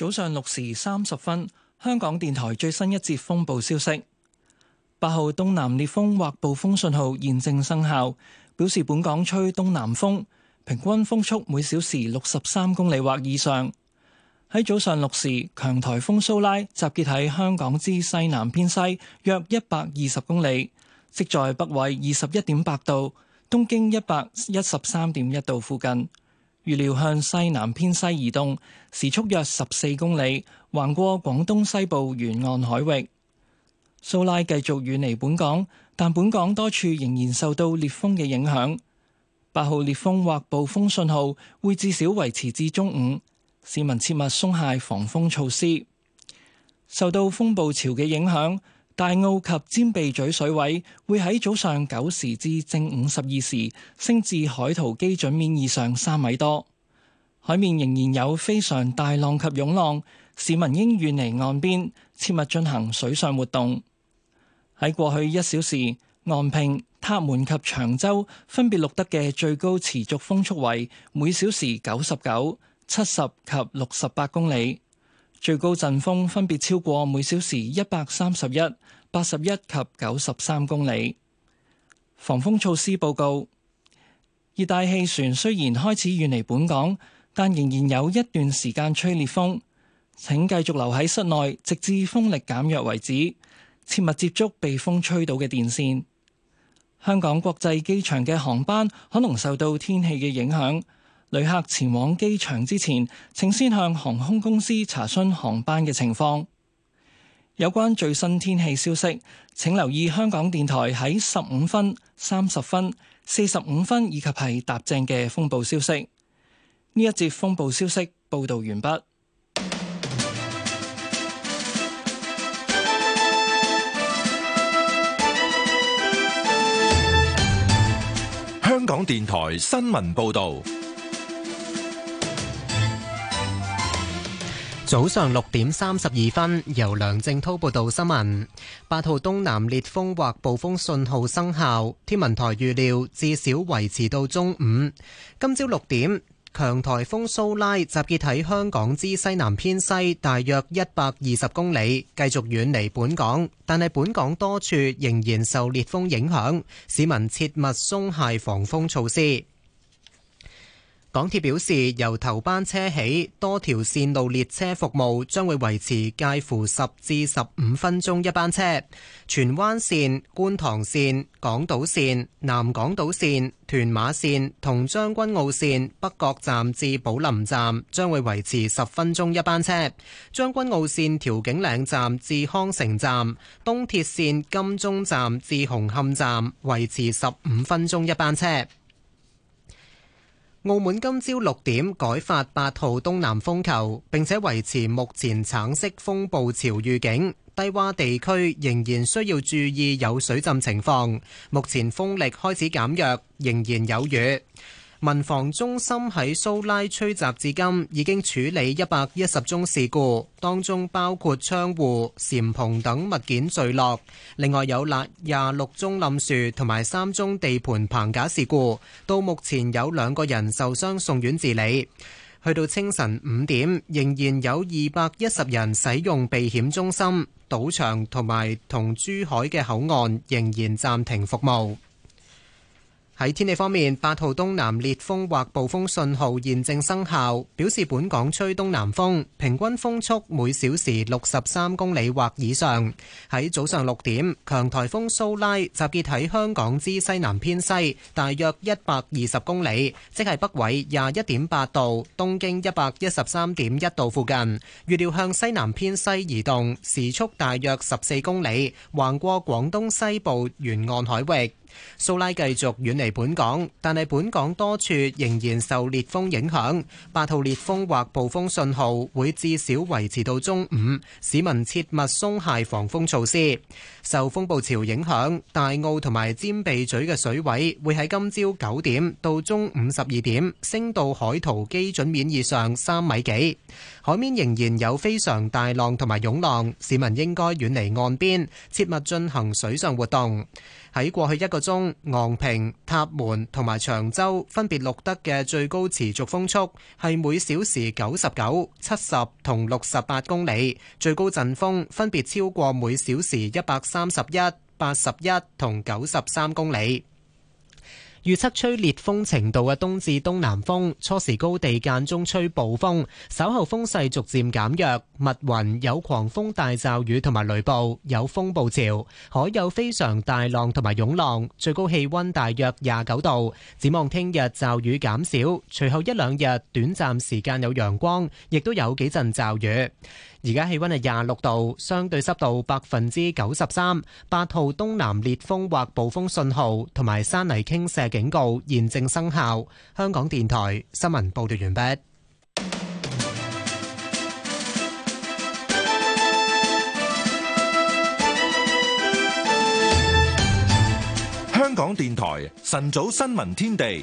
早上六時三十分，香港電台最新一節風暴消息：八號東南烈風或暴風信號現正生效，表示本港吹東南風，平均風速每小時六十三公里或以上。喺早上六時，強台風蘇拉集結喺香港之西南偏西約一百二十公里，即在北緯二十一點八度、東經一百一十三點一度附近。預料向西南偏西移動，時速約十四公里，橫過廣東西部沿岸海域。蘇拉繼續遠離本港，但本港多處仍然受到烈風嘅影響。八號烈風或暴風信號會至少維持至中午，市民切勿鬆懈防風措施。受到風暴潮嘅影響。大澳及尖鼻咀水位會喺早上九時至正午十二時升至海圖基準面以上三米多，海面仍然有非常大浪及湧浪，市民應遠離岸邊，切勿進行水上活動。喺過去一小時，昂坪、塔門及長洲分別錄得嘅最高持續風速為每小時九十九、七十及六十八公里。最高陣風分別超過每小時一百三十一、八十一及九十三公里。防風措施報告：熱帶氣旋雖然開始遠離本港，但仍然有一段時間吹烈風。請繼續留喺室內，直至風力減弱為止。切勿接觸被風吹到嘅電線。香港國際機場嘅航班可能受到天氣嘅影響。旅客前往機場之前，請先向航空公司查詢航班嘅情況。有關最新天氣消息，請留意香港電台喺十五分、三十分、四十五分以及係踏正嘅風暴消息。呢一節風暴消息報導完畢。香港電台新聞報導。早上六點三十二分，由梁正濤報道新聞。八號東南烈風或暴風信號生效，天文台預料至少維持到中午。今朝六點，強台風蘇拉集結喺香港之西南偏西大約一百二十公里，繼續遠離本港。但係本港多處仍然受烈風影響，市民切勿鬆懈防風措施。港鐵表示，由頭班車起，多條線路列車服務將會維持介乎十至十五分鐘一班車。荃灣線、觀塘線、港島線、南港島線、屯馬線同將軍澳線北角站至寶林站將會維持十分鐘一班車。將軍澳線調景嶺站至康城站、東鐵線金鐘站至紅磡站維持十五分鐘一班車。澳門今朝六點改發八號東南風球，並且維持目前橙色風暴潮預警，低洼地區仍然需要注意有水浸情況。目前風力開始減弱，仍然有雨。民防中心喺蘇拉吹襲至今，已經處理一百一十宗事故，當中包括窗戶、簷篷等物件墜落，另外有落廿六宗冧樹同埋三宗地盤棚架事故。到目前有兩個人受傷送院治理。去到清晨五點，仍然有二百一十人使用避險中心、賭場同埋同珠海嘅口岸仍然暫停服務。喺天氣方面，八號東南烈風或暴風信號現正生效，表示本港吹東南風，平均風速每小時六十三公里或以上。喺早上六點，強颱風蘇拉集結喺香港之西南偏西，大約一百二十公里，即係北緯廿一點八度、東經一百一十三點一度附近。預料向西南偏西移動，時速大約十四公里，橫過廣東西部沿岸海域。蘇拉繼續遠離本港，但係本港多處仍然受烈風影響。八號烈風或暴風信號會至少維持到中午，市民切勿鬆懈防風措施。受風暴潮影響，大澳同埋尖鼻咀嘅水位會喺今朝九點到中午十二點升到海圖基準面以上三米幾。海面仍然有非常大浪同埋湧浪，市民應該遠離岸邊，切勿進行水上活動。喺過去一個鐘，昂坪、塔門同埋長洲分別錄得嘅最高持續風速係每小時九十九、七十同六十八公里，最高陣風分別超過每小時一百三十一、八十一同九十三公里。預測吹烈風程度嘅東至東南風，初時高地間中吹暴風，稍後風勢逐漸減弱，密雲有狂風大驟雨同埋雷暴，有風暴潮，海有非常大浪同埋湧浪，最高氣溫大約廿九度。展望聽日驟雨減少，隨後一兩日短暫時間有陽光，亦都有幾陣驟雨。而家氣溫係廿六度，相對濕度百分之九十三，八號東南烈風或暴風信號同埋山泥傾瀉警告現正生效。香港電台新聞報道完畢。香港電台晨早新聞天地。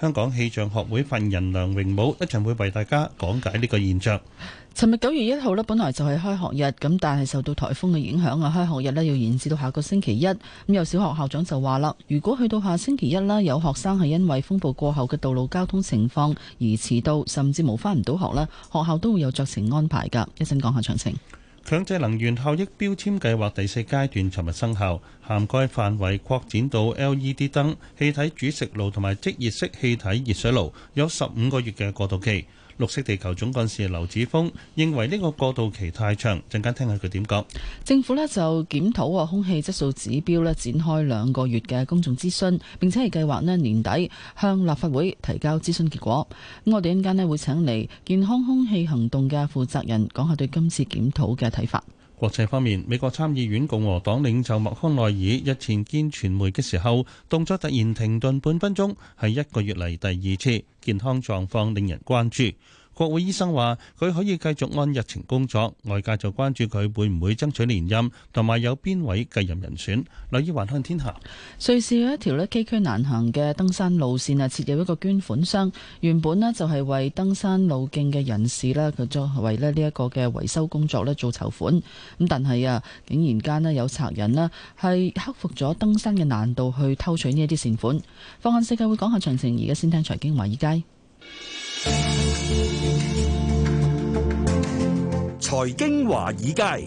香港氣象學會發言人梁榮武一陣會為大家講解呢個現象。尋日九月一號呢，本來就係開學日，咁但係受到台風嘅影響啊，開學日呢要延至到下個星期一。咁有小學校長就話啦，如果去到下星期一啦，有學生係因為風暴過後嘅道路交通情況而遲到，甚至冇返唔到學啦，學校都會有酌情安排噶。一陣講下詳情。強制能源效益標籤計劃第四階段尋日生效，涵蓋範圍擴展到 LED 燈、氣體煮食爐同埋即熱式氣體熱水爐，有十五個月嘅過渡期。綠色地球總幹事劉子峰認為呢個過渡期太長，陣間聽下佢點講。政府呢就檢討個空氣質素指標呢展開兩個月嘅公眾諮詢，並且係計劃呢年底向立法會提交諮詢結果。咁我哋一陣間呢會請嚟健康空氣行動嘅負責人講下對今次檢討嘅睇法。國際方面，美國參議院共和黨領袖麥康奈爾日前見傳媒嘅時候，動作突然停頓半分鐘，係一個月嚟第二次，健康狀況令人關注。國會醫生話：佢可以繼續按日程工作。外界就關注佢會唔會爭取連任，同埋有邊位繼任人選。留意環向天下，瑞士有一條咧崎嶇難行嘅登山路線啊，設有一個捐款箱，原本呢就係為登山路徑嘅人士咧，佢作為咧呢一個嘅維修工作咧做籌款。咁但係啊，竟然間咧有賊人咧係克服咗登山嘅難度去偷取呢一啲善款。放眼世界會講下詳情，而家先聽財經華爾街。財經華爾街，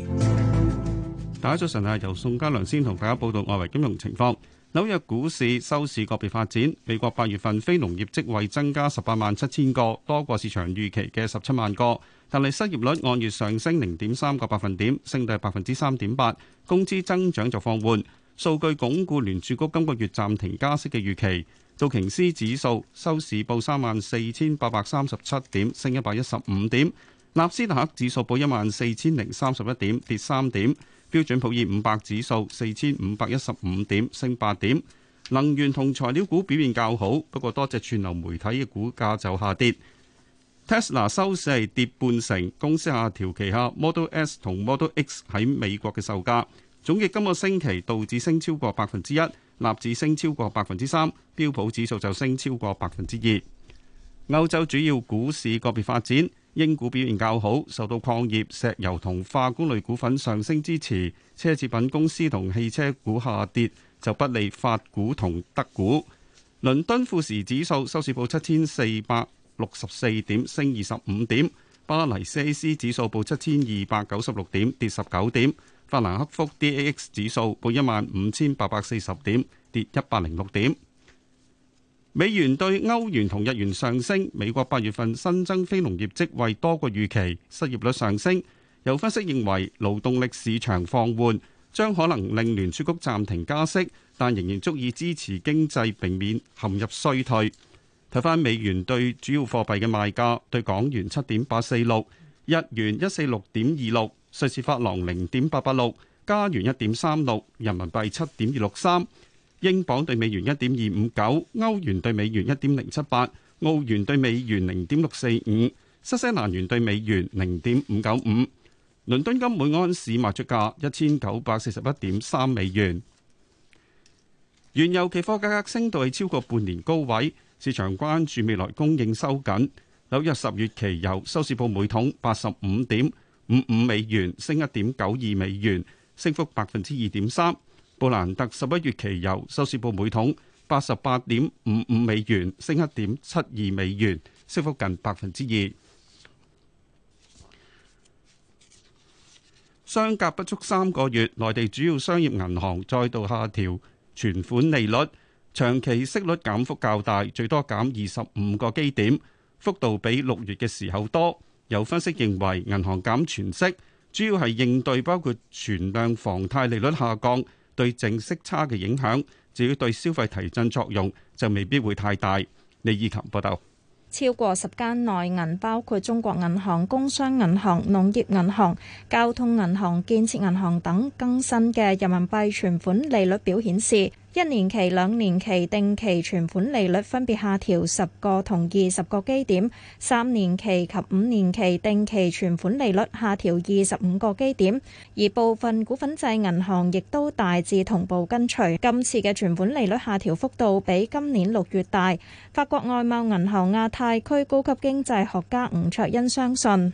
大家早晨啊！由宋家良先同大家報道外圍金融情況。紐約股市收市個別發展，美國八月份非農業職位增加十八萬七千個，多過市場預期嘅十七萬個，但係失業率按月上升零點三個百分點，升到百分之三點八，工資增長就放緩。數據鞏固聯儲局今個月暫停加息嘅預期。道瓊斯指數收市報三萬四千八百三十七點，升一百一十五點。納斯達克指數報一萬四千零三十一點，跌三點。標準普爾五百指數四千五百一十五點，升八點。能源同材料股表現較好，不過多隻串流媒體嘅股價就下跌。Tesla 收市係跌半成，公司下調旗下 Model S 同 Model X 喺美國嘅售價。總結今個星期道指升超過百分之一，納指升超過百分之三，標普指數就升超過百分之二。歐洲主要股市個別發展。英股表現較好，受到礦業、石油同化工類股份上升支持；奢侈品公司同汽車股下跌就不利法股同德股。倫敦富時指數收市報七千四百六十四點，升二十五點；巴黎 CAC 指數報七千二百九十六點，跌十九點；法蘭克福 DAX 指數報一萬五千八百四十點，跌一百零六點。美元兌歐元同日元上升，美國八月份新增非農業職位多過預期，失業率上升。有分析認為，勞動力市場放緩將可能令聯儲局暫停加息，但仍然足以支持經濟，避免陷入衰退。睇返美元對主要貨幣嘅賣價，對港元七點八四六，日元一四六點二六，瑞士法郎零點八八六，加元一點三六，人民幣七點二六三。英鎊對美元一點二五九，歐元對美元一點零七八，澳元對美元零點六四五，新西蘭元對美元零點五九五。倫敦金每安士賣出價一千九百四十一點三美元。原油期貨價格升到係超過半年高位，市場關注未來供應收緊。紐約十月期油收市報每桶八十五點五五美元，升一點九二美元，升幅百分之二點三。布蘭特十一月期油收市報每桶八十八點五五美元，升一點七二美元，升幅近百分之二。相隔不足三個月，內地主要商業銀行再度下調存款利率，長期息率減幅較大，最多減二十五個基點，幅度比六月嘅時候多。有分析認為，銀行減存息主要係應對包括存量房貸利率下降，對淨息差嘅影響，至於對消費提振作用就未必會太大。李以琴報道，超過十間內銀包括中國銀行、工商銀行、農業銀行、交通銀行、建設銀行等更新嘅人民幣存款利率表顯示，一年期、兩年期定期存款利率分別下調十個同二十個基點，三年期及五年期定期存款利率下調二十五個基點，而部分股份制銀行亦都大致同步跟隨，今次嘅存款利率下調幅度比今年六月大。法國外貿銀行亞太區高級經濟學家吳卓恩相信。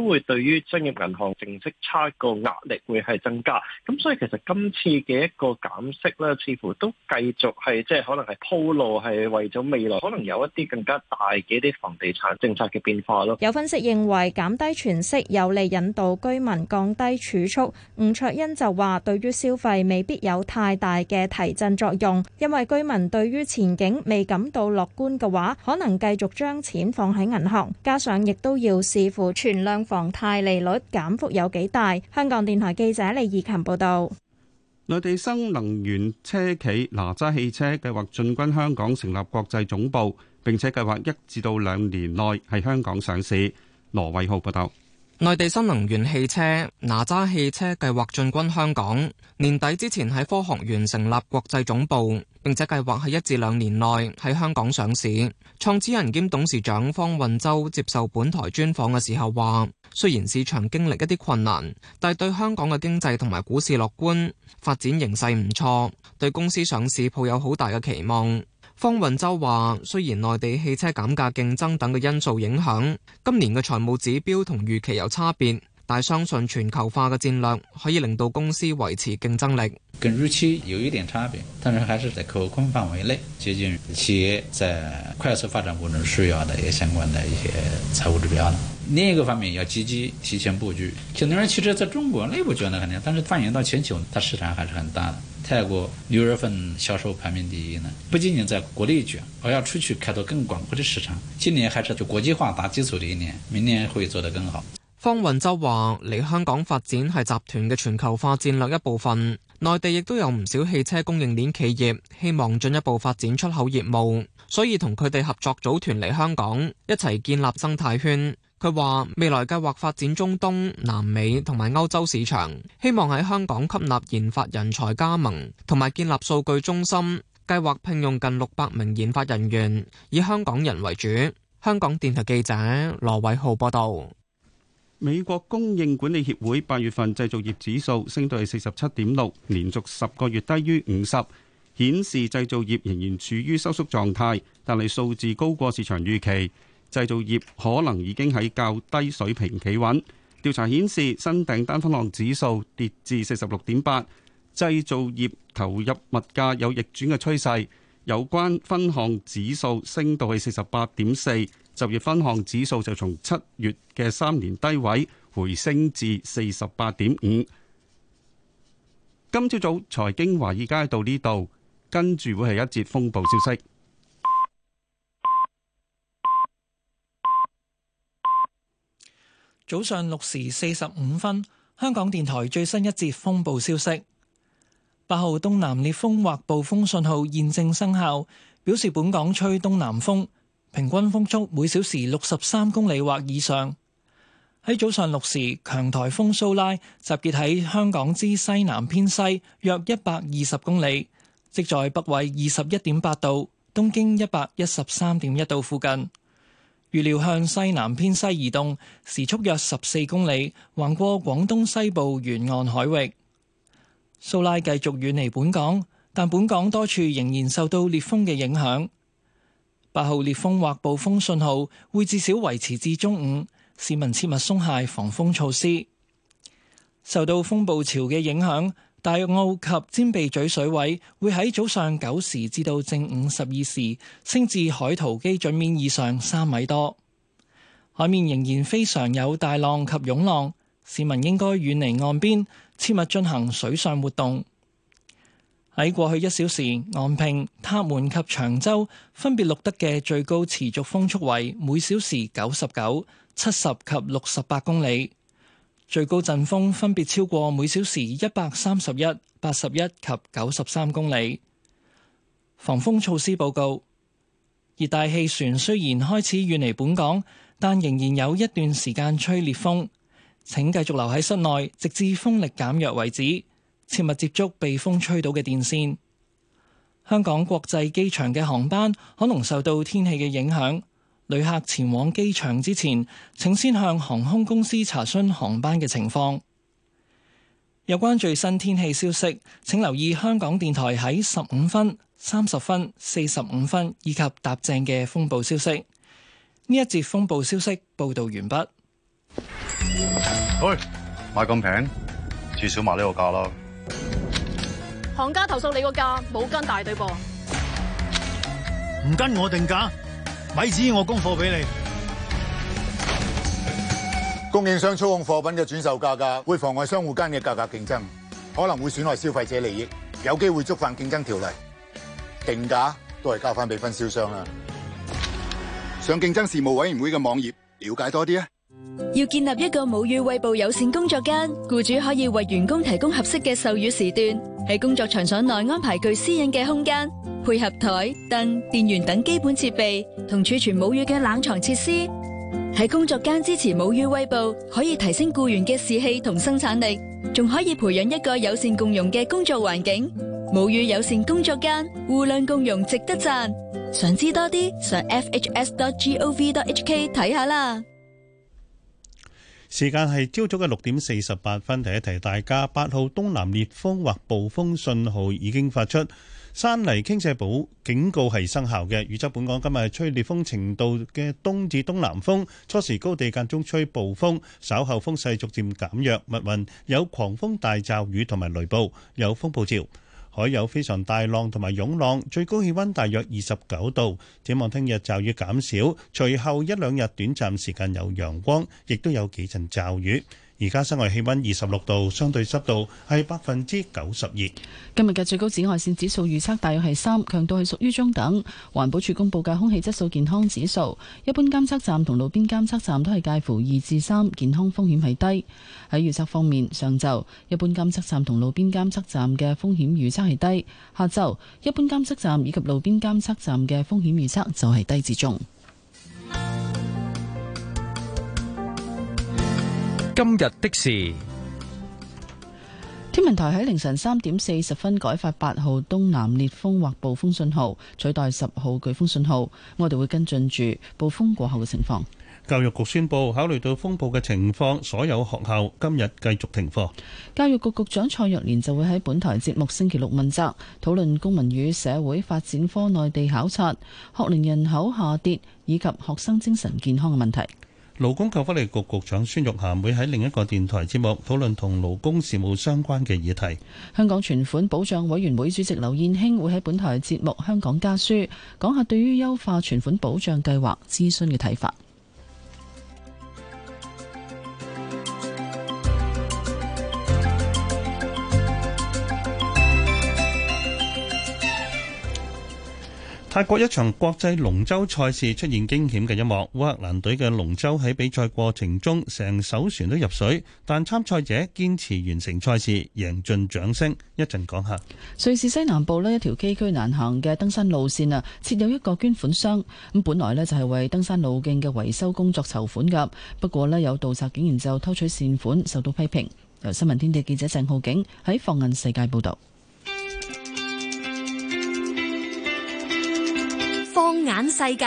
都會對於商業銀行淨息差個壓力會係增加，咁所以其實今次嘅一個減息咧，似乎都繼續係即係可能係鋪路，係為咗未來可能有一啲更加大嘅一啲房地產政策嘅變化咯。有分析認為減低存息有利引導居民降低儲蓄。吳卓欣就話，對於消費未必有太大嘅提振作用，因為居民對於前景未感到樂觀嘅話，可能繼續將錢放喺銀行，加上亦都要視乎存量。房貸利率減幅有幾大？香港電台記者李義琴報導。內地新能源車企哪吒汽車計劃進軍香港，成立國際總部，並且計劃一至到兩年內喺香港上市。羅偉浩報導。內地新能源汽車哪吒汽車計劃進軍香港，年底之前喺科學園成立國際總部，並且計劃喺一至兩年內喺香港上市。創始人兼董事長方運舟接受本台專訪嘅時候話，雖然市場經歷一啲困難，但係對香港嘅經濟同埋股市樂觀，發展形勢唔錯，對公司上市抱有好大嘅期望。方運舟話：雖然內地汽車減價競爭等嘅因素影響，今年嘅財務指標同預期有差別，但相信全球化嘅戰略可以令到公司維持競爭力。跟預期有一點差別，但是還是在可控範圍內，接近企業在快速發展過程需要嘅一相關嘅一些財務指標。另一個方面要積極提前布局。新能源汽車在中國內部捲得肯定，但是放眼到全球，它市場還是很大的。泰國六月份銷售排名第一呢，不僅僅在國內卷，而要出去開拓更廣闊的市場。今年還是就國際化打基礎的一年，明年會做得更好。方云洲話：嚟香港發展係集團嘅全球化戰略一部分。內地亦都有唔少汽車供應鏈企業希望進一步發展出口業務，所以同佢哋合作，組團嚟香港一齊建立生態圈。佢話：未來計劃發展中東、南美同埋歐洲市場，希望喺香港吸納研發人才加盟，同埋建立數據中心。計劃聘用近六百名研發人員，以香港人為主。香港電台記者羅偉浩報道。美國供應管理協會八月份製造業指數升到去四十七點六，連續十個月低於五十，顯示製造業仍然處於收縮狀態，但係數字高過市場預期。製造業可能已經喺較低水平企穩。調查顯示新訂單分項指數跌至四十六點八，製造業投入物價有逆轉嘅趨勢。有關分項指數升到去四十八點四，就業分項指數就從七月嘅三年低位回升至四十八點五。今朝早財經華爾街到呢度，跟住會係一節風暴消息。早上六時四十五分，香港電台最新一節風暴消息：八號東南烈風或暴風信號現正生效，表示本港吹東南風，平均風速每小時六十三公里或以上。喺早上六時，強颱風蘇拉集結喺香港之西南偏西約一百二十公里，即在北緯二十一點八度，東經一百一十三點一度附近。預料向西南偏西移動，時速約十四公里，橫過廣東西部沿岸海域。蘇拉繼續遠離本港，但本港多處仍然受到烈風嘅影響。八號烈風或暴風信號會至少維持至中午，市民切勿鬆懈防風措施。受到風暴潮嘅影響。大澳及尖鼻咀水位會喺早上九時至到正午十二時升至海圖基準面以上三米多，海面仍然非常有大浪及湧浪，市民應該遠離岸邊，切勿進行水上活動。喺過去一小時，岸平、塔門及長洲分別錄得嘅最高持續風速為每小時九十九、七十及六十八公里。最高陣風分別超過每小時一百三十一、八十一及九十三公里。防風措施報告：熱帶氣旋雖然開始遠離本港，但仍然有一段時間吹烈風。請繼續留喺室內，直至風力減弱為止，切勿接觸被風吹倒嘅電線。香港國際機場嘅航班可能受到天氣嘅影響。旅客前往機場之前，請先向航空公司查詢航班嘅情況。有關最新天氣消息，請留意香港電台喺十五分、三十分、四十五分以及踏正嘅風暴消息。呢一節風暴消息報導完畢。喂，賣咁平，至少賣呢個價囉。行家投訴你個價冇跟大隊噃，唔跟我定價。咪子，我供貨俾你。供應商操控貨品嘅轉售價格，會妨礙商戶間嘅價格競爭，可能會損害消費者利益，有機會觸犯競爭條例。定價都係交翻俾分銷商啦。上競爭事務委員會嘅網頁了解多啲啊！要建立一個母乳餵哺友善工作間，雇主可以為員工提供合適嘅授乳時段，喺工作場所內安排具私隱嘅空間，配合台、凳、電源等基本設備，同儲存母乳嘅冷藏設施。喺工作間支持母乳餵哺，可以提升雇員嘅士氣同生產力，仲可以培養一個友善共融嘅工作環境。母乳友善工作間，互量共融值得讚。想知多啲，上 fhs.gov.hk 睇下啦。時間係朝早嘅六點四十八分，提一提大家，八號東南烈風或暴風信號已經發出，山泥傾瀉報警告係生效嘅。預測本港今日吹烈風程度嘅東至東南風，初時高地間中吹暴風，稍後風勢逐漸減弱，密雲有狂風大驟雨同埋雷暴，有風暴潮。海有非常大浪同埋湧浪，最高氣溫大約二十九度。展望聽日驟雨減少，隨後一兩日短暫時間有陽光，亦都有幾陣驟雨。而家室外氣溫二十六度，相對濕度係百分之九十二。今日嘅最高紫外線指數預測大約係三，強度係屬於中等。環保署公布嘅空氣質素健康指數，一般監測站同路邊監測站都係介乎二至三，健康風險係低。喺預測方面，上晝一般監測站同路邊監測站嘅風險預測係低，下晝一般監測站以及路邊監測站嘅風險預測就係低至中。 今日的事，天文台喺凌晨三點四十分改發八號東南烈風或暴風信號，取代十號颶風信號。我哋會跟進住暴風過後嘅情況。教育局宣布，考慮到風暴嘅情況，所有學校今日繼續停課。教育局局長蔡若蓮就會喺本台節目星期六問責，討論公民與社會發展科內地考察、學齡人口下跌以及學生精神健康嘅問題。勞工及福利局局長孫玉菡會喺另一個電台節目討論同勞工事務相關嘅議題。香港存款保障委員會主席劉燕卿會喺本台節目《香港家書》講下對於優化存款保障計劃諮詢嘅睇法。泰國一場國際龍舟賽事出現驚險嘅一幕，烏克蘭隊嘅龍舟喺比賽過程中成艘船都入水，但參賽者堅持完成賽事，贏盡掌聲。講一陣講下，瑞士西南部呢一條崎嶇難行嘅登山路線啊，設有一個捐款箱，咁本來呢就係為登山路徑嘅維修工作籌款噶，不過呢，有盜賊竟然就偷取善款，受到批評。由新聞天地記者鄭浩景喺放眼世界報道。眼世界，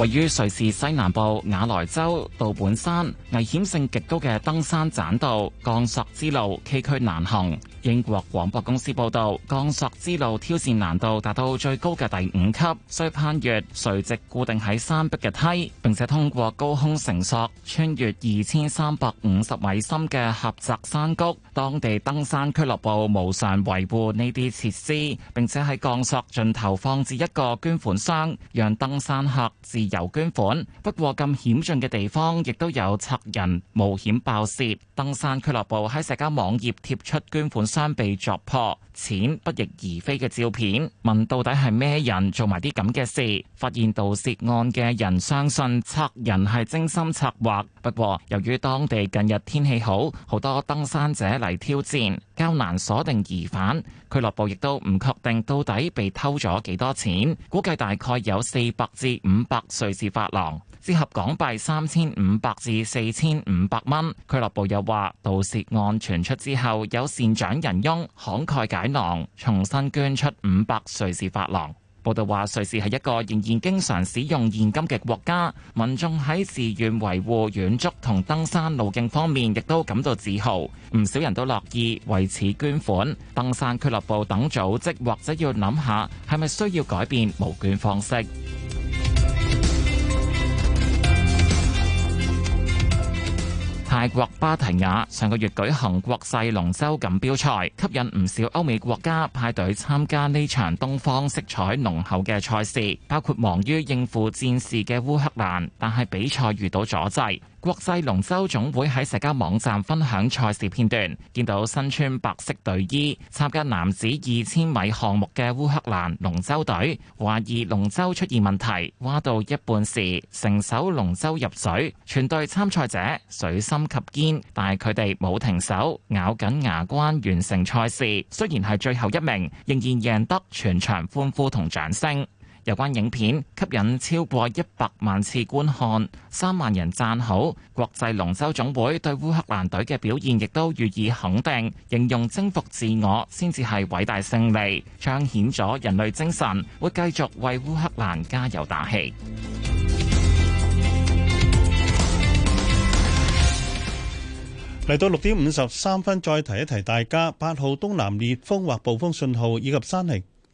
位於瑞士西南部瓦萊州杜本山，危險性極高嘅登山棧道，降索之路崎嶇難行。英國廣播公司報道，降索鋼索之路挑戰難度達到最高嘅第五級，需攀越垂直固定喺山壁嘅梯，並且通過高空繩索穿越二千三百五十米深嘅狹窄山谷。當地登山俱樂部無償維護呢啲設施，並且喺鋼索盡頭放置一個捐款箱，讓登山客自由捐款。不過咁險峻嘅地方，亦都有賊人冒險爆竊。登山俱樂部喺社交網頁貼出捐款三被鑿破，錢不翼而飛嘅照片，問到底係咩人做埋啲咁嘅事？發現盜竊案嘅人相信，賊人係精心策劃。不過，由於當地近日天氣好，好多登山者嚟挑戰，較難鎖定疑犯。俱樂部亦都唔確定到底被偷咗幾多錢，估計大概有四百至五百瑞士法郎，折合港幣三千五百至四千五百蚊。俱樂部又話，盜竊案傳出之後，有善長仁翁慷慨解囊，重新捐出五百瑞士法郎。報道話，瑞士係一個仍然經常使用現金嘅國家，民眾喺自願維護遠足同登山路徑方面，亦都感到自豪。唔少人都樂意為此捐款，登山俱樂部等組織或者要諗下，係咪需要改變募捐方式。泰國芭提雅上個月舉行國際龍舟錦標賽，吸引唔少歐美國家派隊參加呢場東方色彩濃厚嘅賽事，包括忙於應付戰事嘅烏克蘭，但係比賽遇到阻滯。國際龍舟總會喺社交網站分享賽事片段，見到身穿白色隊衣、參加男子二千米項目嘅烏克蘭龍舟隊，懷疑龍舟出現問題，劃到一半時，成艘龍舟入水，全隊參賽者水深及肩，但係佢哋冇停手，咬緊牙關完成賽事。雖然係最後一名，仍然贏得全場歡呼同掌聲。有關影片吸引超過一百萬次觀看，三萬人讚好。國際龍舟總會對烏克蘭隊嘅表現亦都予以肯定，形容征服自我先至係偉大勝利，彰顯咗人類精神。會繼續為烏克蘭加油打氣。嚟到六點五十三分，再提一提大家，八號東南烈風或暴風信號以及山泥。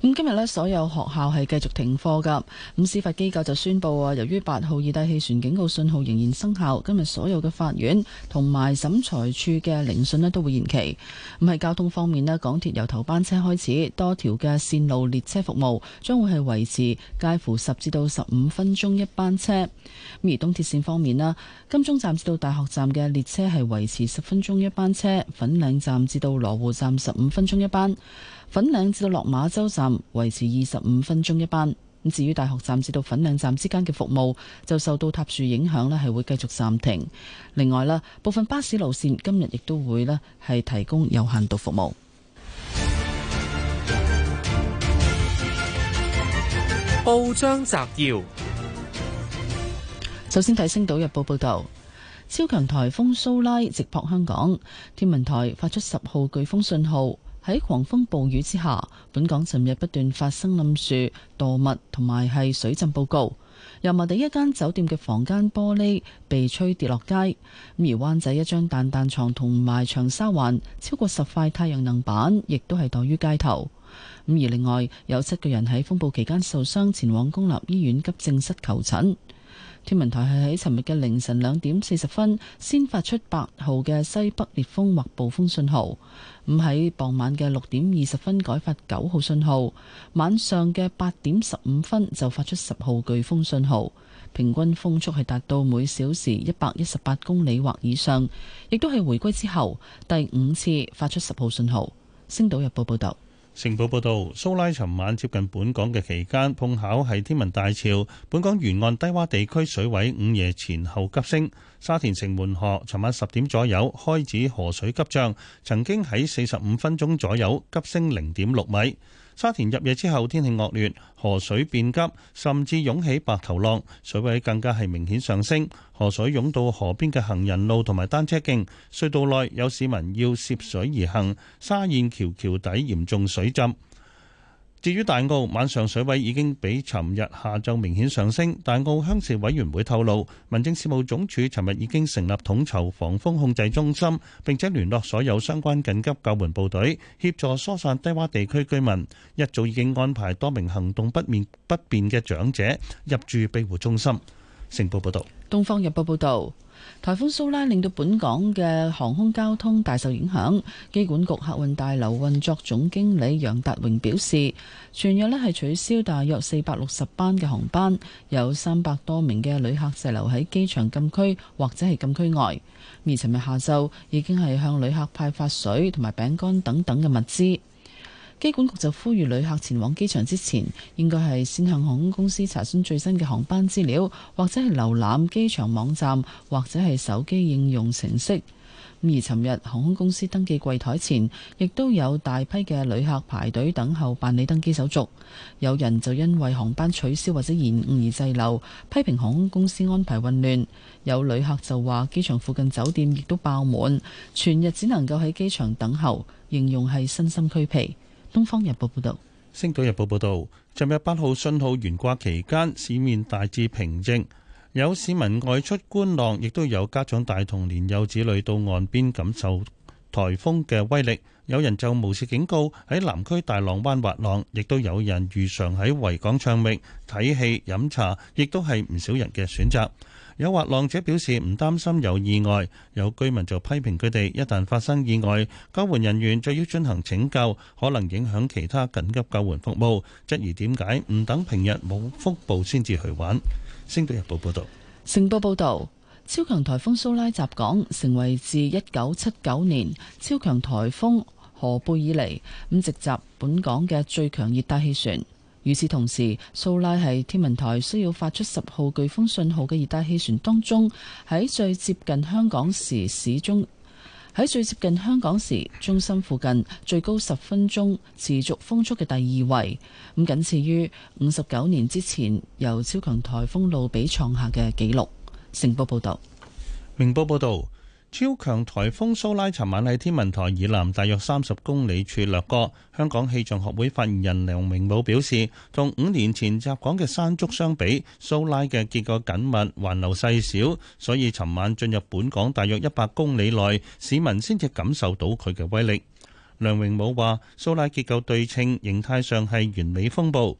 咁今日呢，所有學校係繼續停課㗎。咁司法機構就宣布啊，由於八號熱帶氣旋警告信號仍然生效，今日所有嘅法院同埋審裁處嘅聆訊呢都會延期。咁喺交通方面呢，港鐵由頭班車開始，多條嘅線路列車服務將會係維持介乎十至到十五分鐘一班車。而東鐵線方面呢，金鐘站至到大學站嘅列車係維持十分鐘一班車，粉嶺站至到羅湖站十五分鐘一班。粉嶺至落馬洲站維持二十五分鐘一班，咁至於大學站至到粉嶺站之間嘅服務就受到塌樹影響咧，係會繼續暫停。另外啦，部分巴士路線今日亦都會咧係提供有限度服務。報章摘要：首先睇《星島日報》報道，超強台風蘇拉直撲香港，天文台發出十號颶風信號。喺狂風暴雨之下，本港尋日不斷發生冧樹、墮物同埋係水浸報告。油麻地一間酒店嘅房間玻璃被吹跌落街，咁而灣仔一張彈彈床同埋長沙灣超過十塊太陽能板亦都係墮於街頭。咁而另外有七個人喺風暴期間受傷，前往公立醫院急症室求診。天文台係喺尋日嘅凌晨兩點四十分先發出八號嘅西北烈風或暴風信號，咁喺傍晚嘅六點二十分改發九號信號，晚上嘅八點十五分就發出十號颶風信號，平均風速係達到每小時一百一十八公里或以上，亦都係回歸之後第五次發出十號信號。星島日報報道。星報報道，蘇拉尋晚接近本港嘅期間，碰巧係天文大潮，本港沿岸低洼地區水位午夜前後急升。沙田城門河尋晚十點左右開始河水急漲，曾經喺四十五分鐘左右急升零點六米。沙田入夜之後，天氣惡劣，河水變急，甚至湧起白頭浪，水位更加係明顯上升。河水湧到河邊嘅行人路同埋單車徑，隧道內有市民要涉水而行。沙燕橋橋底嚴重水浸。至於大澳，晚上水位已經比尋日下晝明顯上升。大澳鄉事委員會透露，民政事務總署尋日已經成立統籌防風控制中心，並且聯絡所有相關緊急救援部隊，協助疏散低洼地區居民。一早已經安排多名行動不便不變嘅長者入住庇護中心。成報報道。東方日報報道。颱風蘇拉令到本港嘅航空交通大受影響，機管局客運大樓運作總經理楊達榮表示，全日呢係取消大約四百六十班嘅航班，有三百多名嘅旅客滯留喺機場禁區或者係禁區外，而尋日下晝已經係向旅客派發水同埋餅乾等等嘅物資。機管局就呼籲旅客前往機場之前，應該係先向航空公司查詢最新嘅航班資料，或者係瀏覽機場網站，或者係手機應用程式。而尋日航空公司登記櫃台前，亦都有大批嘅旅客排隊等候辦理登機手續。有人就因為航班取消或者延誤而滯留，批評航空公司安排混亂。有旅客就話，機場附近酒店亦都爆滿，全日只能夠喺機場等候，形容係身心俱疲。東方日報報道，星島日報報道，尋日八號信號懸掛期間，市面大致平靜，有市民外出觀浪，亦都有家長帶同年幼子女到岸邊感受台風嘅威力。有人就無視警告喺南區大浪灣滑浪，亦都有人如常喺維港暢泳，睇戲、飲茶，亦都係唔少人嘅選擇。有滑浪者表示唔擔心有意外，有居民就批評佢哋一旦發生意外，救援人員就要進行拯救，可能影響其他緊急救援服務，質疑點解唔等平日冇風暴先至去玩。星島日報報道，成報報道超強台風蘇拉襲港，成為自一九七九年超強台風荷貝以嚟咁直襲本港嘅最強熱帶氣旋。與此同時，蘇拉係天文台需要發出十號颶風信號嘅熱帶氣旋當中，喺最接近香港時始終喺最接近香港時中心附近最高十分鐘持續風速嘅第二位，咁僅次於五十九年之前由超強颱風路比創下嘅紀錄。成報報道，明報報道。超強颱風蘇拉尋晚喺天文台以南大約三十公里處掠過，香港氣象學會發言人梁榮武表示，同五年前襲港嘅山竹相比，蘇拉嘅結構緊密，環流細小，所以尋晚進入本港大約一百公里內，市民先至感受到佢嘅威力。梁榮武話，蘇拉結構對稱，形態上係完美風暴。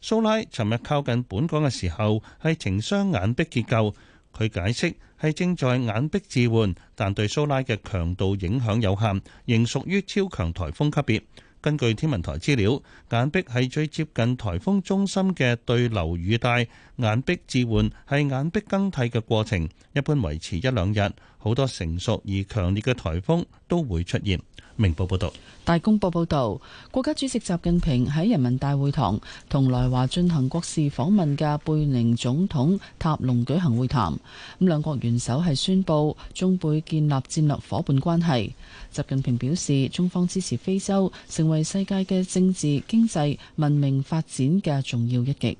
蘇拉尋日靠近本港嘅時候係呈雙眼壁結構。佢解釋係正在眼壁置換，但對蘇拉嘅強度影響有限，仍屬於超強颱風級別。根據天文台資料，眼壁係最接近颱風中心嘅對流雨帶，眼壁置換係眼壁更替嘅過程，一般維持一兩日，好多成熟而強烈嘅颱風都會出現。明報報道，大公報報道，國家主席習近平喺人民大會堂同來華進行國事訪問嘅貝寧總統塔隆舉行會談。咁兩國元首係宣布中貝建立戰略夥伴關係。習近平表示，中方支持非洲成為世界嘅政治、經濟、文明發展嘅重要一極。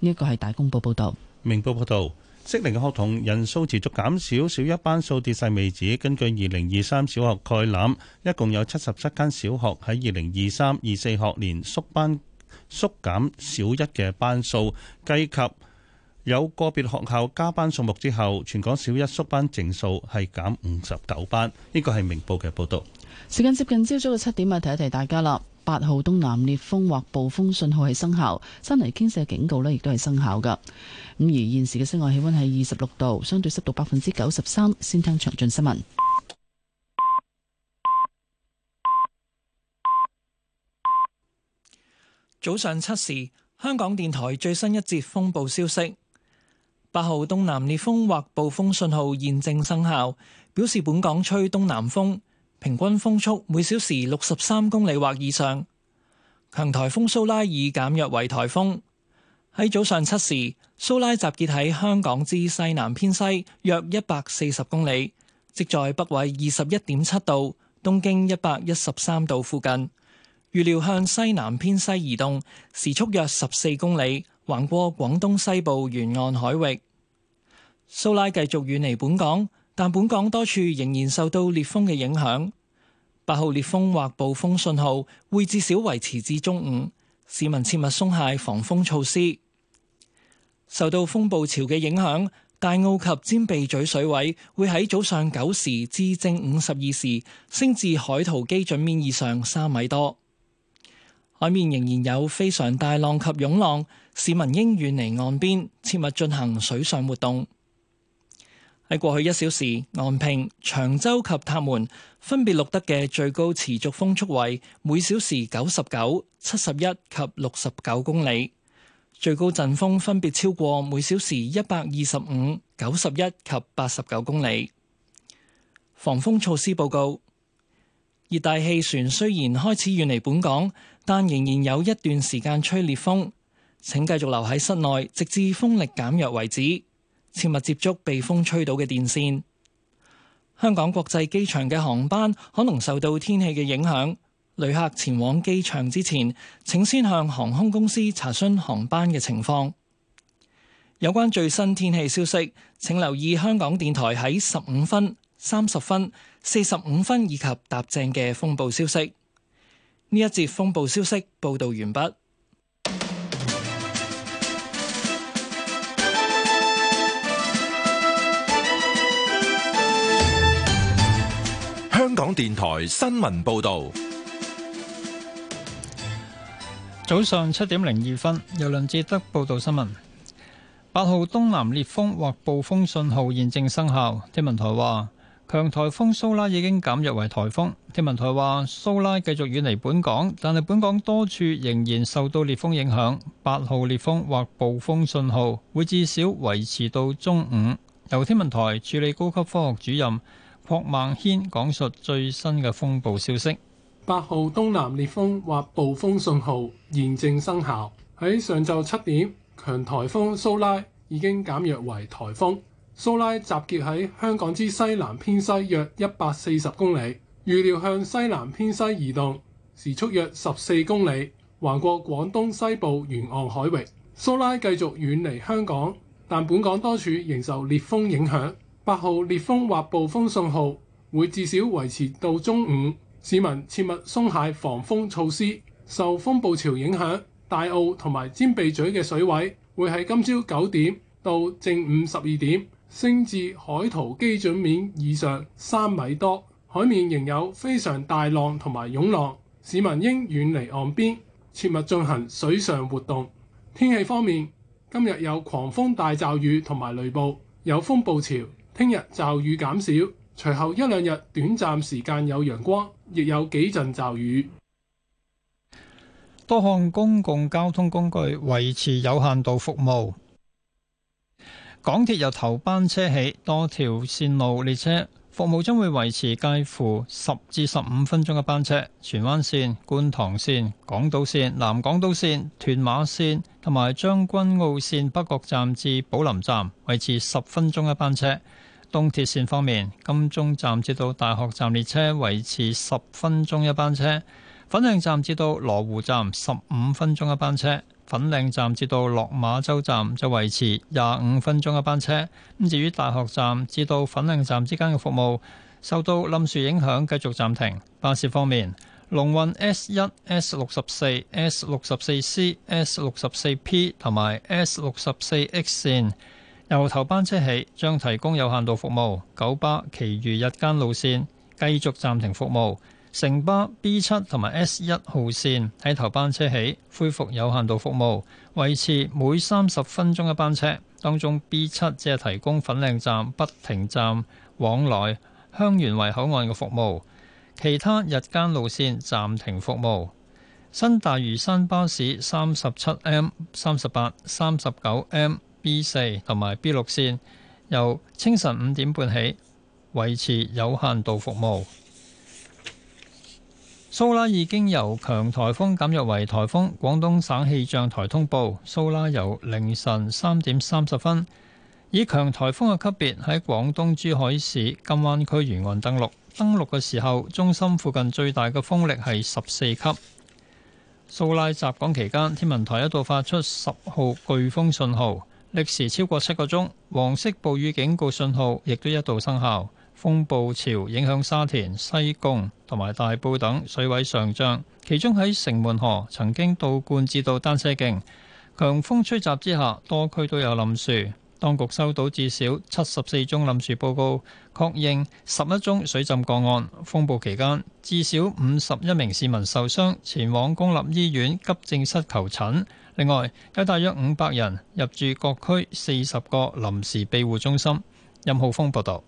呢、這、一個係大公報報道，明報報道。適齡嘅學童人數持續減少，小一班數跌勢未止。根據二零二三小學概覽，一共有七十七間小學喺二零二三二四學年縮班縮減小一嘅班數，計及有個別學校加班數目之後，全港小一縮班淨數係減五十九班。呢個係明報嘅報道。時間接近朝早嘅七點啊，提一提大家啦。八號東南烈風或暴風信號係生效，山泥傾瀉警告咧，亦都係生效噶。咁而現時嘅室外氣溫係二十六度，相對濕度百分之九十三。先聽詳盡新聞。早上七時，香港電台最新一節風暴消息：八號東南烈風或暴風信號現正生效，表示本港吹東南風。平均風速每小時六十三公里或以上。強颱風蘇拉已減弱為颱風。喺早上七時，蘇拉集結喺香港之西南偏西約一百四十公里，即在北緯二十一點七度、東經一百一十三度附近。預料向西南偏西移動，時速約十四公里，橫過廣東西部沿岸海域。蘇拉繼續遠離本港。但本港多處仍然受到烈風嘅影響，八號烈風或暴風信號會至少維持至中午，市民切勿鬆懈防風措施。受到風暴潮嘅影響，大澳及尖鼻咀水位會喺早上九時至正午十二時升至海圖基準面以上三米多。海面仍然有非常大浪及湧浪，市民應遠離岸邊，切勿進行水上活動。喺過去一小時，昂坪、長洲及塔門分別錄得嘅最高持續風速為每小時九十九、七十一及六十九公里，最高陣風分別超過每小時一百二十五、九十一及八十九公里。防風措施報告：熱帶氣旋雖然開始遠離本港，但仍然有一段時間吹烈風，請繼續留喺室內，直至風力減弱為止。切勿接觸被風吹倒嘅電線。香港國際機場嘅航班可能受到天氣嘅影響，旅客前往機場之前，請先向航空公司查詢航班嘅情況。有關最新天氣消息，請留意香港電台喺十五分、三十分、四十五分以及踏正嘅風暴消息。呢一節風暴消息報導完畢。香港電台新聞報道，早上七點零二分，由梁志德報道新聞。八號東南烈風或暴風信號現正生效。天文台話，強台風蘇拉已經減弱為台風。天文台話，蘇拉繼續遠離本港，但係本港多處仍然受到烈風影響。八號烈風或暴風信號會至少維持到中午。由天文台助理高級科學主任。霍孟軒講述最新嘅風暴消息。八號東南烈風或暴風信號現正生效。喺上晝七點，強颱風蘇拉已經減弱為颱風。蘇拉集結喺香港之西南偏西約一百四十公里，預料向西南偏西移動，時速約十四公里，橫過廣東西部沿岸海域。蘇拉繼續遠離香港，但本港多處仍受烈風影響。八號烈風或暴風信號會至少維持到中午。市民切勿鬆懈防風措施。受風暴潮影響，大澳同埋尖鼻咀嘅水位會喺今朝九點到正午十二點升至海圖基準面以上三米多。海面仍有非常大浪同埋湧浪，市民應遠離岸邊，切勿進行水上活動。天氣方面，今日有狂風大驟雨同埋雷暴，有風暴潮。聽日驟雨減少，隨後一兩日短暫時間有陽光，亦有幾陣驟雨。多項公共交通工具維持有限度服務。港鐵由頭班車起，多條線路列車服務將會維持介乎十至十五分鐘嘅班車。荃灣線、觀塘線、港島線、南港島線、屯馬線同埋將軍澳線北角站至寶林站維持十分鐘嘅班車。東鐵綫方面，金鐘站至到大學站列車維持十分鐘一班車；粉嶺站至到羅湖站十五分鐘一班車；粉嶺站至到落馬洲站就維持廿五分鐘一班車。咁至於大學站至到粉嶺站之間嘅服務，受到冧樹影響，繼續暫停。巴士方面，龍運 S 一、S 六十四、S 六十四 C、S 六十四 P 同埋 S 六十四 X 綫。由頭班車起，將提供有限度服務；九巴其餘日間路線繼續暫停服務。城巴 B 七同埋 S 一號線喺頭班車起恢復有限度服務，維持每三十分鐘一班車。當中 B 七只係提供粉嶺站不停站往來香園圍口岸嘅服務，其他日間路線暫停服務。新大嶼山巴士三十七 M、三十八、三十九 M。B 四同埋 B 六線由清晨五點半起維持有限度服務。蘇拉已經由強颱風減弱為颱風，廣東省氣象台通報蘇拉由凌晨三點三十分以強颱風嘅級別喺廣東珠海市金灣區沿岸登陸。登陸嘅時候，中心附近最大嘅風力係十四級。蘇拉襲港期間，天文台一度發出十號颶風信號。歷時超過七個鐘，黃色暴雨警告信號亦都一度生效，風暴潮影響沙田、西貢同埋大埔等，水位上漲。其中喺城門河曾經倒灌至到單車徑，強風吹襲之下，多區都有冧樹。當局收到至少七十四宗冧樹報告，確認十一宗水浸個案。風暴期間，至少五十一名市民受傷，前往公立醫院急症室求診。另外，有大約五百人入住各區四十個臨時庇護中心。任浩峰報道。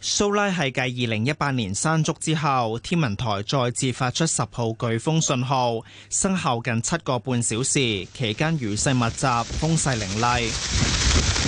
蘇拉係繼二零一八年山竹之後，天文台再次發出十號颶風信號，生效近七個半小時期間，雨勢密集，風勢凌厲。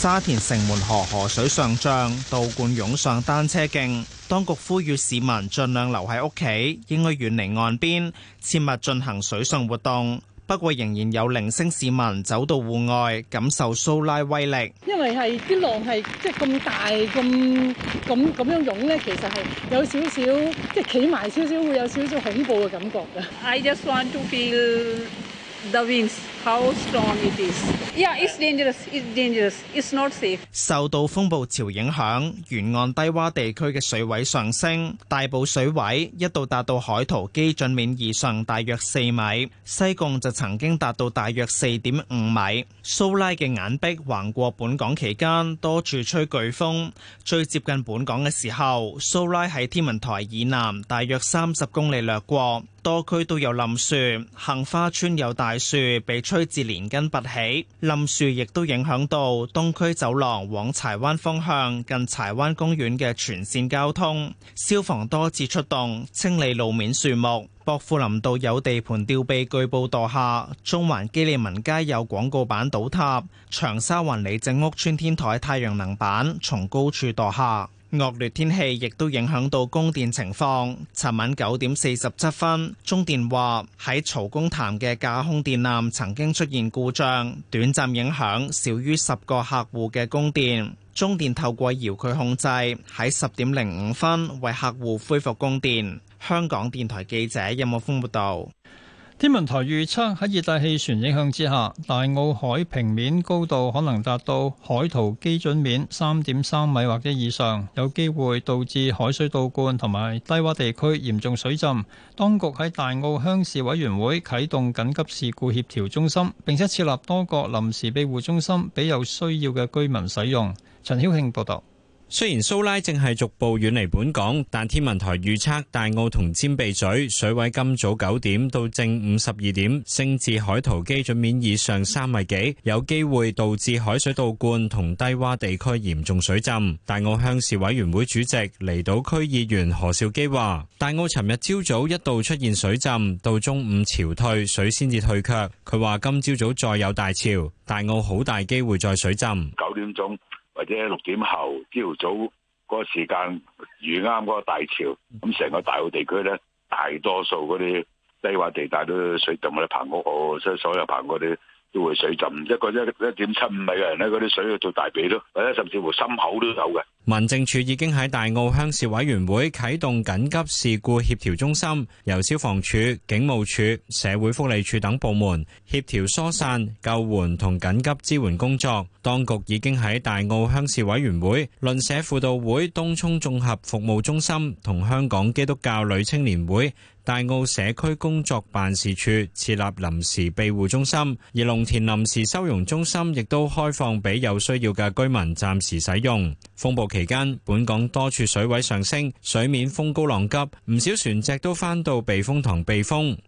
沙田城門河河水上漲，倒灌湧上單車徑，當局呼籲市民盡量留喺屋企，應該遠離岸邊，切勿進行水上活動。不過仍然有零星市民走到戶外感受蘇拉威力。因為係啲浪係即係咁大咁咁咁樣湧咧，其實係有少少即係企埋少少會有少少恐怖嘅感覺嘅。I just want to feel The winds, how strong it is. Yeah, it's dangerous. It's dangerous. It's not safe. 受到風暴潮影響，沿岸低洼地區嘅水位上升，大埔水位一度達到海圖基準面以上大約四米，西貢就曾經達到大約四點五米。蘇拉嘅眼壁橫過本港期間，多處吹颶風，最接近本港嘅時候，蘇拉喺天文台以南大約三十公里掠過。多區都有冧樹，杏花村有大樹被吹至連根拔起，冧樹亦都影響到東區走廊往柴灣方向近柴灣公園嘅全線交通。消防多次出動清理路面樹木，薄富林道有地盤吊臂局部墮下，中環基利民街有廣告板倒塌，長沙灣理鄭屋村天台太陽能板從高處墮下。惡劣天氣亦都影響到供電情況。尋晚九點四十七分，中電話喺曹公潭嘅架空電纜曾經出現故障，短暫影響少於十個客戶嘅供電。中電透過遙距控制喺十點零五分為客戶恢復供電。香港電台記者任木峯報道。天文台預測喺熱帶氣旋影響之下，大澳海平面高度可能達到海圖基準面三點三米或者以上，有機會導致海水倒灌同埋低洼地區嚴重水浸。當局喺大澳鄉事委員會啟動緊急事故協調中心，並且設立多個臨時庇護中心俾有需要嘅居民使用。陳曉慶報道。雖然蘇拉正係逐步遠離本港，但天文台預測大澳同尖鼻咀水，水位今早九點到正午十二點升至海圖基準面以上三米幾，有機會導致海水倒灌同低洼地區嚴重水浸。大澳鄉事委員會主席離島區議員何兆基話：大澳尋日朝早一度出現水浸，到中午潮退水先至退卻。佢話今朝早再有大潮，大澳好大機會再水浸。九點鐘，或者六點後朝早嗰個時間遇啱嗰個大潮，咁成個大澳地區咧，大多數嗰啲低洼地帶都水浸，或者棚屋，即係所有棚屋啲都會水浸。一個一一點七五米嘅人咧，嗰啲水去到大髀咯，或者甚至乎心口都有嘅。民政處已經喺大澳鄉事委員會啟動緊急事故協調中心，由消防處、警務處、社會福利處等部門協調疏散、救援同緊急支援工作。當局已經喺大澳鄉事委員會、鄰舍輔導會、東涌綜合服務中心同香港基督教女青年會大澳社區工作辦事處設立臨時庇護中心，而龍田臨時收容中心亦都開放俾有需要嘅居民暫時使用。風暴期。期間，本港多處水位上升，水面風高浪急，唔少船隻都返到避風塘避風。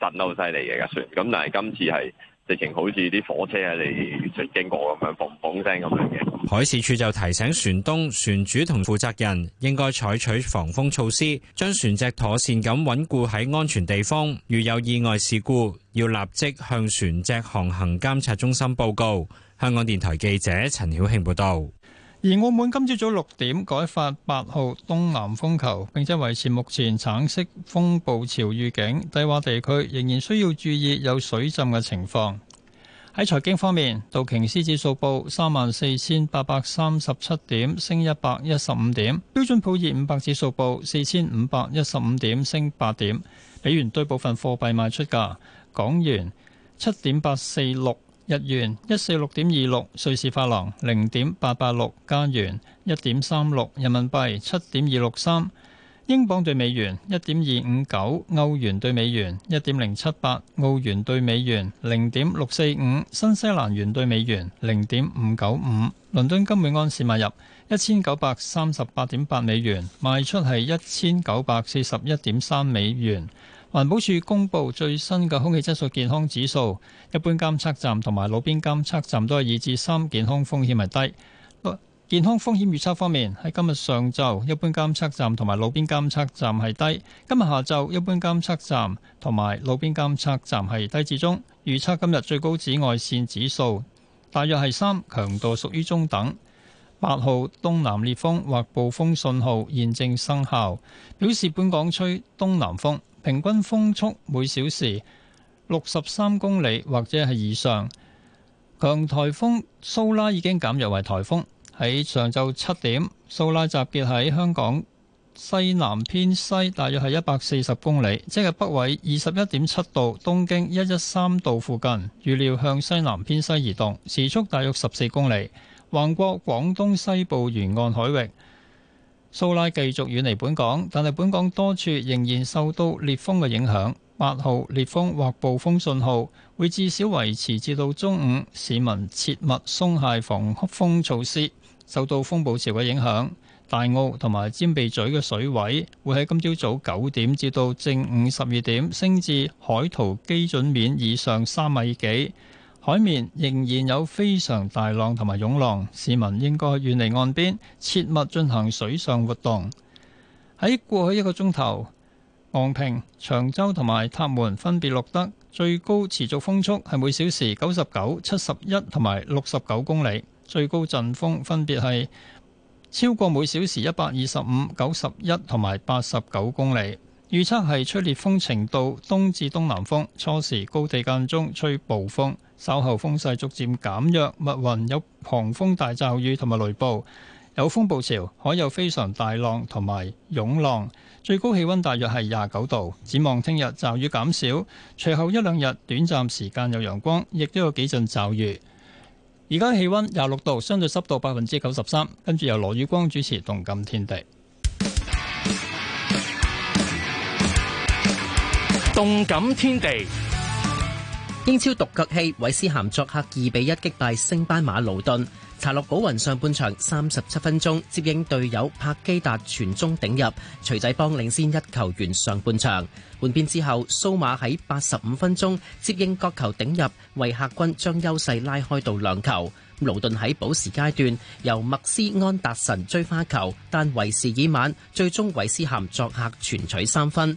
震得好犀利嘅架船，咁但係今次係直情好似啲火車喺嚟經過咁樣，嘣嘣聲咁樣嘅。海事處就提醒船東、船主同負責人，應該採取防風措施，將船隻妥善咁穩固喺安全地方。如有意外事故，要立即向船隻航行監察中心報告。香港電台記者陳曉慶報道。而澳門今朝早六點改發八號東南風球，並且維持目前橙色風暴潮預警。低窪地區仍然需要注意有水浸嘅情況。喺財經方面，道瓊斯指數報三萬四千八百三十七點，升一百一十五點。標準普爾五百指數報四千五百一十五點，升八點。美元兌部分貨幣賣出價，港元七點八四六。日元一四六點二六，瑞士法郎零點八八六，加元一點三六，人民幣七點二六三，英鎊對美元一點二五九，歐元對美元一點零七八，澳元對美元零點六四五，新西蘭元對美元零點五九五。倫敦金每安士買入一千九百三十八點八美元，賣出係一千九百四十一點三美元。環保署公布最新嘅空氣質素健康指數，一般監測站同埋路邊監測站都係二至三，健康風險係低。健康風險預測方面，喺今日上晝，一般監測站同埋路邊監測站係低；今日下晝，一般監測站同埋路邊監測站係低至中。預測今日最高紫外線指數大約係三，強度屬於中等。八號東南烈風或暴風信號現正生效，表示本港吹東南風，平均風速每小時六十三公里或者係以上。強颱風蘇拉已經減弱為颱風，喺上晝七點，蘇拉集結喺香港西南偏西，大約係一百四十公里，即係北緯二十一點七度，東經一一三度附近，預料向西南偏西移動，時速大約十四公里。橫過廣東西部沿岸海域，蘇拉繼續遠離本港，但係本港多處仍然受到烈風嘅影響。八號烈風或暴風信號會至少維持至到中午，市民切勿鬆懈防風措施。受到風暴潮嘅影響，大澳同埋尖鼻咀嘅水位會喺今朝早九點至到正午十二點升至海圖基準面以上三米幾。海面仍然有非常大浪同埋湧浪，市民應該遠離岸邊，切勿進行水上活動。喺過去一個鐘頭，昂坪、長洲同埋塔門分別錄得最高持續風速係每小時九十九、七十一同埋六十九公里，最高陣風分別係超過每小時一百二十五、九十一同埋八十九公里。預測係吹烈風程度，東至東南風，初時高地間中吹暴風。稍後風勢逐漸減弱，密雲有狂風大驟雨同埋雷暴，有風暴潮，海有非常大浪同埋湧浪，最高氣温大約係廿九度。展望聽日驟雨減少，隨後一兩日短暫時間有陽光，亦都有幾陣驟雨。而家氣温廿六度，相對濕度百分之九十三，跟住由羅宇光主持《動感天地》。《動感天地》英超獨腳戲，韋斯咸作客二比一擊敗升班馬魯頓。查洛保雲上半場三十七分鐘接應隊友柏基達傳中頂入，徐仔邦領先一球完上半場。換邊之後，蘇馬喺八十五分鐘接應角球頂入，為客軍將優勢拉開到兩球。魯頓喺補時階段由麥斯安達臣追花球，但為時已晚，最終韋斯咸作客全取三分。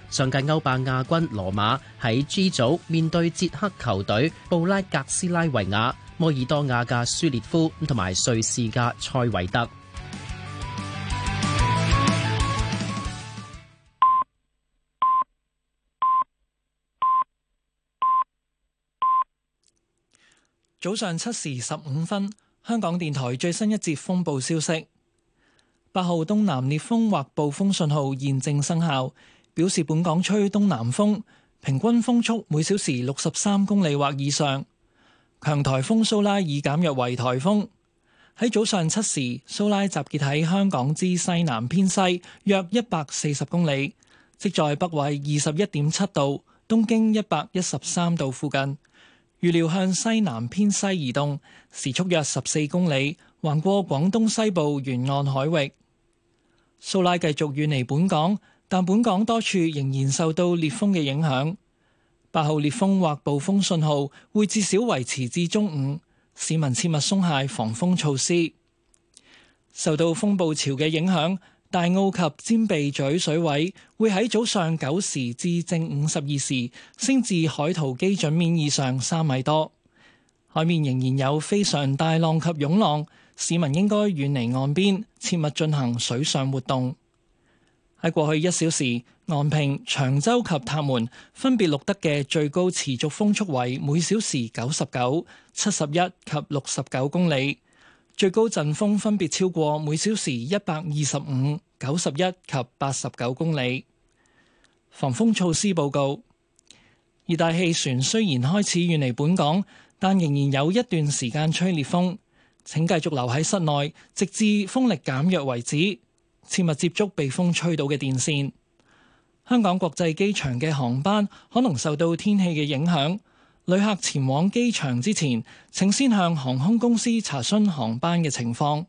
上屆歐霸亞軍羅馬喺 G 組面對捷克球隊布拉格斯拉維亞、摩爾多亞嘅舒列夫，同埋瑞士嘅塞維特。早上七時十五分，香港電台最新一節風暴消息：八號東南烈風或暴風信號現正生效。表示本港吹東南風，平均風速每小時六十三公里或以上。強颱風蘇拉已減弱為颱風。喺早上七時，蘇拉集結喺香港之西南偏西約一百四十公里，即在北緯二十一點七度、東經一百一十三度附近。預料向西南偏西移動，時速約十四公里，橫過廣東西部沿岸海域。蘇拉繼續遠離本港。但本港多處仍然受到烈風嘅影響，八號烈風或暴風信號會至少維持至中午。市民切勿鬆懈防風措施。受到風暴潮嘅影響，大澳及尖鼻咀水位會喺早上九時至正午十二時升至海圖基準面以上三米多。海面仍然有非常大浪及湧浪，市民應該遠離岸邊，切勿進行水上活動。喺過去一小時，昂坪、長洲及塔門分別錄得嘅最高持續風速為每小時九十九、七十一及六十九公里，最高陣風分別超過每小時一百二十五、九十一及八十九公里。防風措施報告：熱帶氣旋雖然開始遠離本港，但仍然有一段時間吹烈風。請繼續留喺室內，直至風力減弱為止。切勿接觸被風吹倒嘅電線。香港國際機場嘅航班可能受到天氣嘅影響，旅客前往機場之前，請先向航空公司查詢航班嘅情況。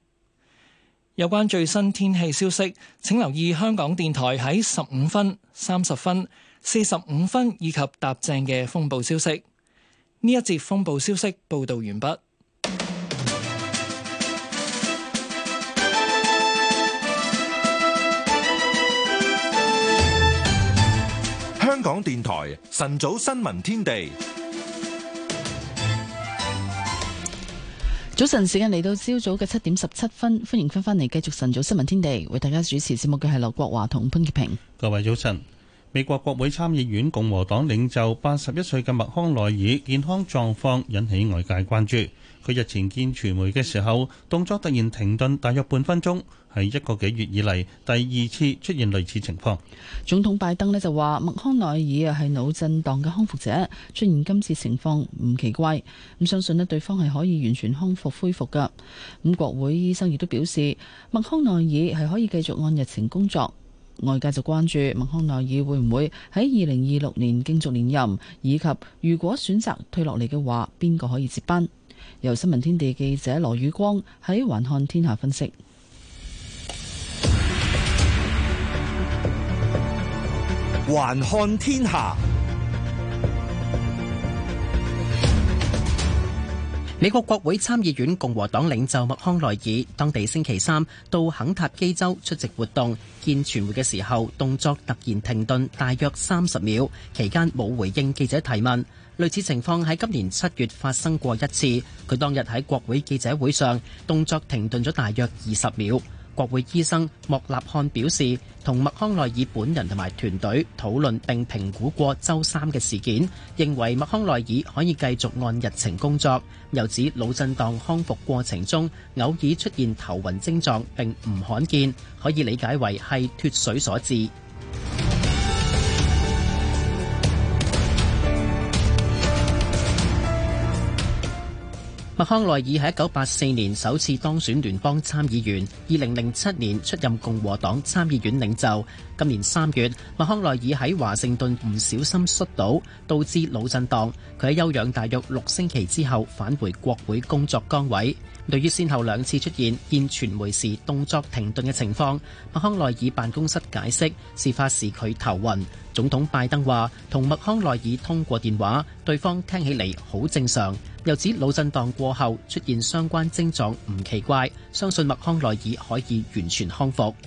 有關最新天氣消息，請留意香港電台喺十五分、三十分、四十五分以及踏正嘅風暴消息。呢一節風暴消息報導完畢。港電台晨早新聞天地，早晨時間嚟到朝早嘅七點十七分，歡迎翻返嚟繼續晨早新聞天地，為大家主持節目嘅係劉國華同潘潔平。各位早晨！美國國會參議院共和黨領袖八十一歲嘅麥康奈爾健康狀況引起外界關注。佢日前見傳媒嘅時候，動作突然停頓大約半分鐘。係一個幾月以嚟第二次出現類似情況。總統拜登呢就話：麥康奈爾啊係腦震盪嘅康復者，出現今次情況唔奇怪。咁相信呢，對方係可以完全康復恢復噶。咁國會醫生亦都表示，麥康奈爾係可以繼續按日程工作。外界就關注麥康奈爾會唔會喺二零二六年競逐連任，以及如果選擇退落嚟嘅話，邊個可以接班？由新聞天地記者羅宇光喺環看天下分析。環看天下。美國國會參議院共和黨領袖麥康奈爾，當地星期三到肯塔基州出席活動，見傳媒嘅時候動作突然停頓大約三十秒，期間冇回應記者提問。類似情況喺今年七月發生過一次，佢當日喺國會記者會上動作停頓咗大約二十秒。國會醫生莫納漢表示，同麥康奈爾本人同埋團隊討論並評估過周三嘅事件，認為麥康奈爾可以繼續按日程工作。又指腦震盪康復過程中，偶爾出現頭暈症狀並唔罕見，可以理解為係脫水所致。麥康奈爾喺一九八四年首次當選聯邦參議員，二零零七年出任共和黨參議院領袖。今年三月，麥康奈爾喺華盛頓唔小心摔倒，導致腦震盪。佢喺休養大約六星期之後返回國會工作崗位。對於先後兩次出現見傳媒時動作停頓嘅情況，麥康奈爾辦公室解釋事發時佢頭暈。總統拜登話同麥康奈爾通過電話，對方聽起嚟好正常。又指腦震盪過後出現相關症狀唔奇怪，相信麥康奈爾可以完全康復。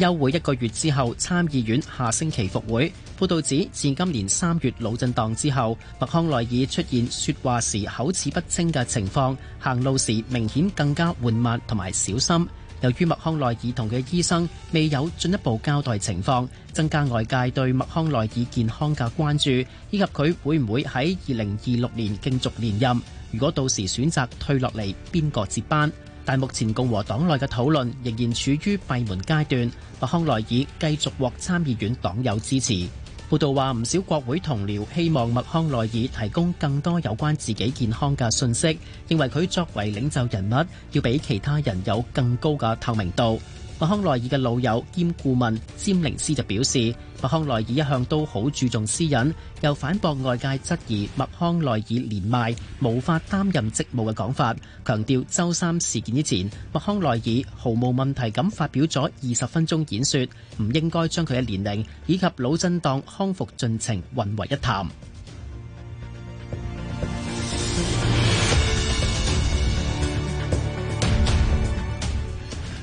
休會一個月之後，參議院下星期復會。報道指，自今年三月腦震盪之後，麥康奈爾出現說話時口齒不清嘅情況，行路時明顯更加緩慢同埋小心。由於麥康奈爾同佢嘅醫生未有進一步交代情況，增加外界對麥康奈爾健康嘅關注，以及佢會唔會喺二零二六年競逐連任。如果到時選擇退落嚟，邊個接班？但目前共和黨內嘅討論仍然處於閉門階段。麥康奈爾繼續獲參議院黨友支持。報道話，唔少國會同僚希望麥康奈爾提供更多有關自己健康嘅信息，認為佢作為領袖人物，要比其他人有更高嘅透明度。麥康奈爾嘅老友兼顧問詹寧斯就表示，麥康奈爾一向都好注重私隱，又反駁外界質疑麥康奈爾年邁無法擔任職務嘅講法，強調周三事件之前，麥康奈爾毫無問題咁發表咗二十分鐘演說，唔應該將佢嘅年齡以及腦震盪康復進程混為一談。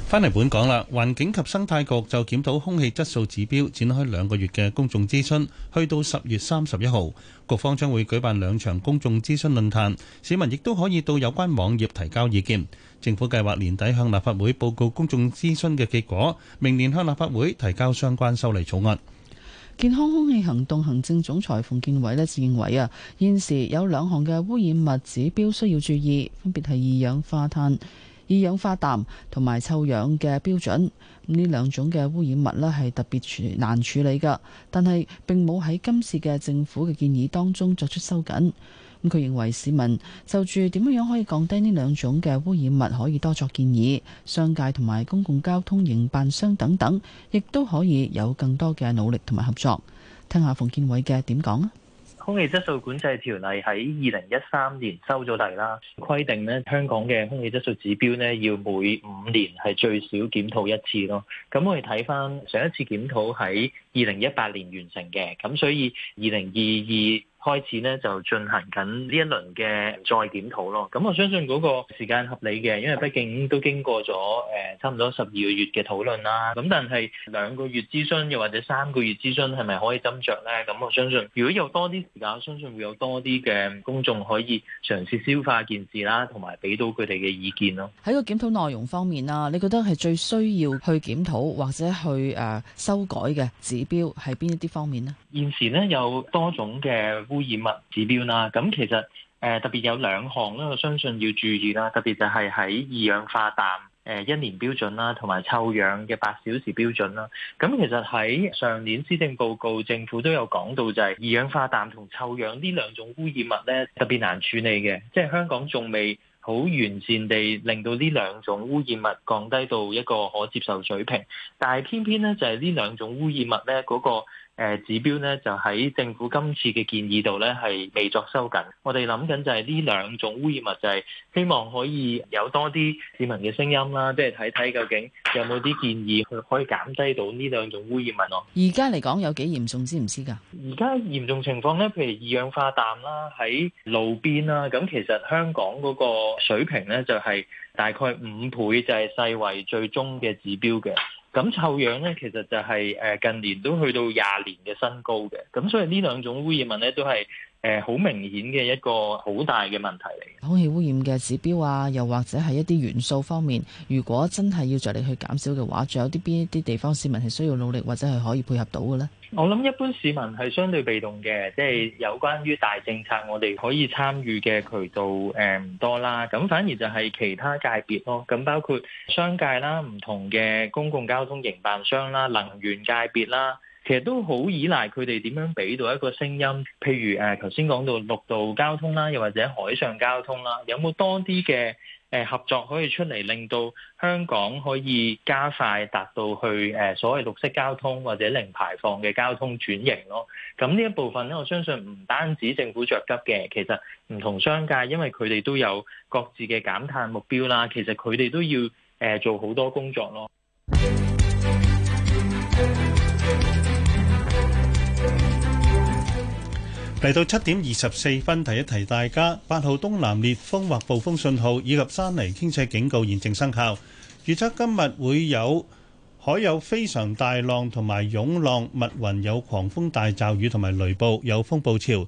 返嚟本港啦，環境及生態局就檢討空氣質素指標展開兩個月嘅公眾諮詢，去到十月三十一號，局方將會舉辦兩場公眾諮詢論壇，市民亦都可以到有關網頁提交意見。政府計劃年底向立法會報告公眾諮詢嘅結果，明年向立法會提交相關修例草案。健康空氣行動行政總裁馮建偉呢認為啊，現時有兩項嘅污染物指標需要注意，分別係二氧化碳。二氧化氮同埋臭氧嘅標準，呢兩種嘅污染物呢，係特別難處理噶，但係並冇喺今次嘅政府嘅建議當中作出收緊。佢認為市民就住點樣樣可以降低呢兩種嘅污染物，可以多作建議，商界同埋公共交通營辦商等等，亦都可以有更多嘅努力同埋合作。聽下馮建偉嘅點講啊！空氣質素管制條例喺二零一三年收咗嚟啦，規定咧香港嘅空氣質素指標咧要每五年係最少檢討一次咯。咁我哋睇返上一次檢討喺二零一八年完成嘅，咁所以二零二二開始呢，就進行緊呢一輪嘅再檢討咯。咁我相信嗰個時間合理嘅，因為畢竟都經過咗誒、呃、差唔多十二個月嘅討論啦。咁但係兩個月諮詢又或者三個月諮詢係咪可以斟酌咧？咁我相信，如果有多啲時間，我相信會有多啲嘅公眾可以嘗試消化件事啦，同埋俾到佢哋嘅意見咯。喺個檢討內容方面啦，你覺得係最需要去檢討或者去誒、呃、修改嘅標係邊一啲方面呢？現時咧有多種嘅污染物指標啦，咁其實誒特別有兩項咧，我相信要注意啦。特別就係喺二氧化氮誒一年標準啦，同埋臭氧嘅八小時標準啦。咁其實喺上年施政報告，政府都有講到、就是，就係二氧化氮同臭氧呢兩種污染物咧特別難處理嘅，即係香港仲未。好完善地令到呢兩種污染物降低到一個可接受水平，但係偏偏咧就係呢兩種污染物咧嗰、那個。誒指標咧就喺政府今次嘅建議度咧係未作收緊，我哋諗緊就係呢兩種污染物，就係希望可以有多啲市民嘅聲音啦，即係睇睇究竟有冇啲建議去可以減低到呢兩種污染物。而家嚟講有幾嚴重知知，知唔知㗎？而家嚴重情況咧，譬如二氧化氮啦，喺路邊啦，咁其實香港嗰個水平咧就係、是、大概五倍就係世衞最終嘅指標嘅。咁臭氧咧，其實就係、是、誒、呃、近年都去到廿年嘅新高嘅，咁所以呢兩種污染物咧都係。誒好明顯嘅一個好大嘅問題嚟。空氣污染嘅指標啊，又或者係一啲元素方面，如果真係要着力去減少嘅話，仲有啲邊一啲地方市民係需要努力，或者係可以配合到嘅呢？我諗一般市民係相對被動嘅，即係有關於大政策，我哋可以參與嘅渠道誒唔多啦。咁反而就係其他界別咯。咁包括商界啦，唔同嘅公共交通營辦商啦，能源界別啦。其實都好依賴佢哋點樣俾到一個聲音，譬如誒頭先講到陸路交通啦，又或者海上交通啦，有冇多啲嘅誒合作可以出嚟，令到香港可以加快達到去誒所謂綠色交通或者零排放嘅交通轉型咯。咁呢一部分咧，我相信唔單止政府着急嘅，其實唔同商界，因為佢哋都有各自嘅減碳目標啦，其實佢哋都要誒做好多工作咯。嚟到七點二十四分，提一提大家，八號東南烈風或暴風信號以及山泥傾瀉警告現正生效。預測今日會有海有非常大浪，同埋湧浪，密雲有狂風大驟雨，同埋雷暴，有風暴潮，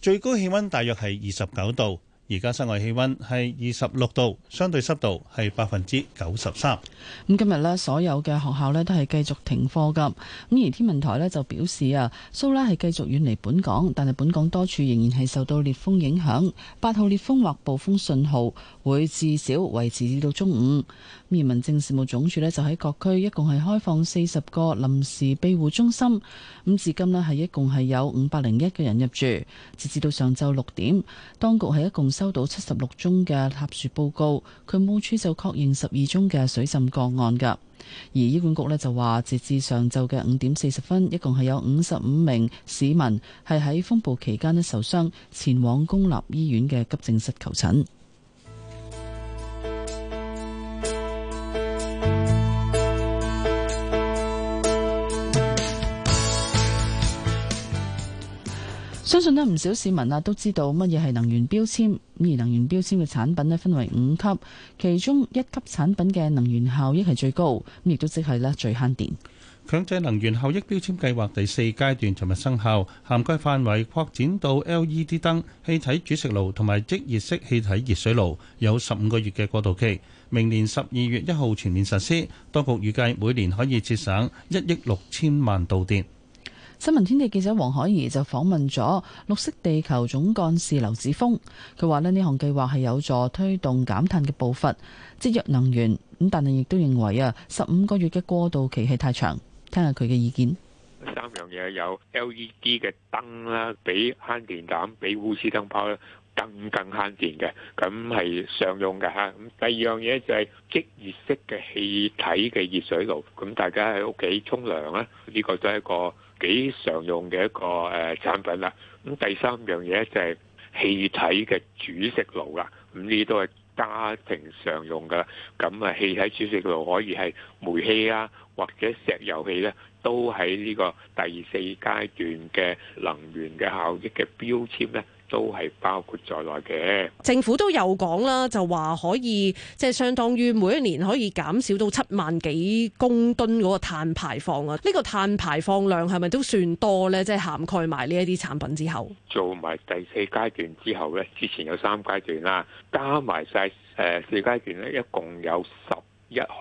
最高氣溫大約係二十九度。而家室外氣溫係二十六度，相對濕度係百分之九十三。咁今日咧，所有嘅學校咧都係繼續停課㗎。咁而天文台咧就表示啊，蘇拉係繼續遠離本港，但係本港多處仍然係受到烈風影響。八號烈風或暴風信號會至少維持至到中午。而民政事務總署咧就喺各區一共係開放四十個臨時庇護中心。咁至今咧係一共係有五百零一個人入住，截至到上晝六點，當局係一共。收到七十六宗嘅塌樹報告，渠務處，就確認十二宗嘅水浸個案噶。而醫管局咧就話，截至上晝嘅五點四十分，一共係有五十五名市民係喺風暴期間咧受傷，前往公立醫院嘅急症室求診。相信呢唔少市民啊都知道乜嘢係能源標籤。咁而能源標籤嘅產品呢分為五級，其中一級產品嘅能源效益係最高，咁亦都即係咧最慳電。強制能源效益標籤計劃第四階段尋日生效，涵蓋範圍擴展到 LED 燈、氣體煮食爐同埋即熱式氣體熱水爐，有十五個月嘅過渡期，明年十二月一號全面實施。當局預計每年可以節省一億六千萬度電。新聞天地記者王海怡就訪問咗綠色地球總幹事劉子峰，佢話咧呢項計劃係有助推動減碳嘅步伐，節約能源。咁但係亦都認為啊，十五個月嘅過渡期係太長。聽下佢嘅意見。三樣嘢有 LED 嘅燈啦，比慳電膽，比鎢絲燈泡更更慳電嘅，咁係常用嘅吓。咁第二樣嘢就係即熱式嘅氣體嘅熱水爐，咁大家喺屋企沖涼咧，呢、這個都係一個。幾常用嘅一個誒產品啦，啊，咁第三樣嘢就係氣體嘅煮食爐啦，咁呢都係家庭常用嘅，咁啊氣體煮食爐可以係煤氣啊或者石油氣咧，都喺呢個第四階段嘅能源嘅效益嘅標籤咧。都係包括在內嘅。政府都有講啦，就話可以即係相當於每一年可以減少到七萬幾公噸嗰個碳排放啊。呢個碳排放量係咪都算多呢？即係涵蓋埋呢一啲產品之後，做埋第四階段之後呢，之前有三階段啦，加埋晒誒四階段呢，一共有十一項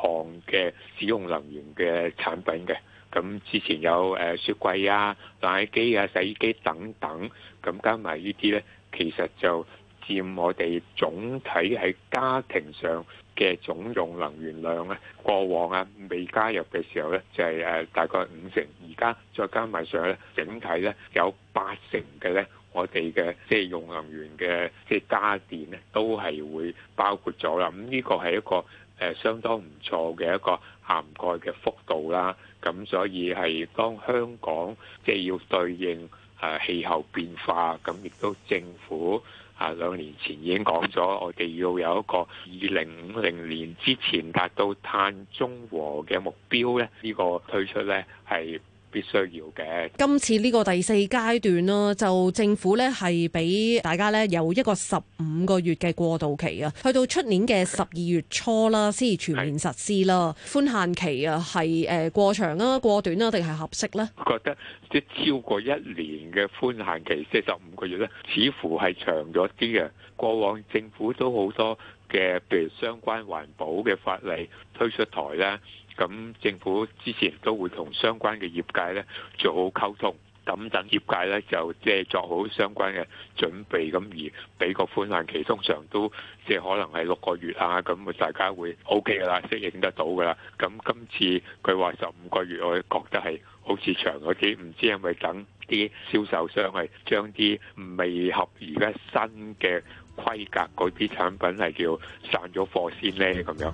嘅使用能源嘅產品嘅。咁之前有誒雪櫃啊、冷氣機啊、洗衣機等等，咁加埋呢啲呢，其實就佔我哋總體喺家庭上嘅總用能源量呢，過往啊未加入嘅時候呢，就係、是、誒、啊、大概五成，而家再加埋上呢，整體呢有八成嘅呢，我哋嘅即係用能源嘅即係家電呢，都係會包括咗啦。咁呢個係一個誒相當唔錯嘅一個，呃涵蓋嘅幅度啦，咁所以係當香港即係要對應誒氣候變化，咁亦都政府啊兩年前已經講咗，我哋要有一個二零五零年之前達到碳中和嘅目標咧，呢個推出咧，係。 必須要嘅。今次呢個第四階段啦，就政府呢係俾大家呢有一個十五個月嘅過渡期啊，去到出年嘅十二月初啦，先至全面實施啦。寬限期啊，係誒過長啊、過短啊，定係合適呢？我覺得即超過一年嘅寬限期，即係十五個月呢，似乎係長咗啲嘅。過往政府都好多嘅，譬如相關環保嘅法例推出台呢。咁政府之前都會同相關嘅業界咧做好溝通，等等業界咧就即係做好相關嘅準備，咁而俾個寬限期，通常都即係可能係六個月啊，咁大家會 OK 噶啦，適應得到噶啦。咁今次佢話十五個月，我覺得係好似長咗啲，唔知係咪等啲銷售商係將啲未合而家新嘅規格嗰啲產品係叫散咗貨先咧咁樣。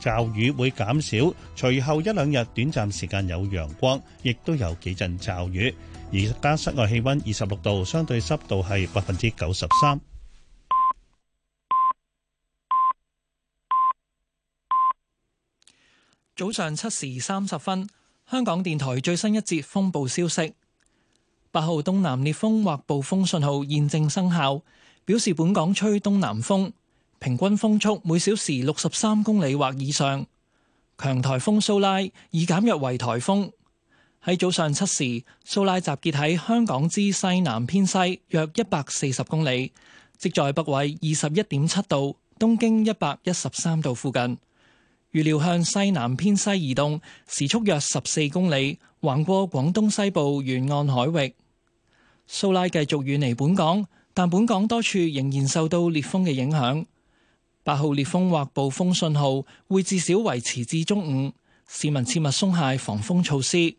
驟雨會減少，隨後一兩日短暫時間有陽光，亦都有幾陣驟雨。而家室外氣温二十六度，相對濕度係百分之九十三。早上七時三十分，香港電台最新一節風暴消息：八號東南烈風或暴風信號現正生效，表示本港吹東南風。平均風速每小時六十三公里或以上。強颱風蘇拉已減弱為颱風。喺早上七時，蘇拉集結喺香港之西南偏西約一百四十公里，即在北緯二十一點七度、東經一百一十三度附近。預料向西南偏西移動，時速約十四公里，橫過廣東西部沿岸海域。蘇拉繼續遠離本港，但本港多處仍然受到烈風嘅影響。八號烈風或暴風信號會至少維持至中午，市民切勿鬆懈防風措施。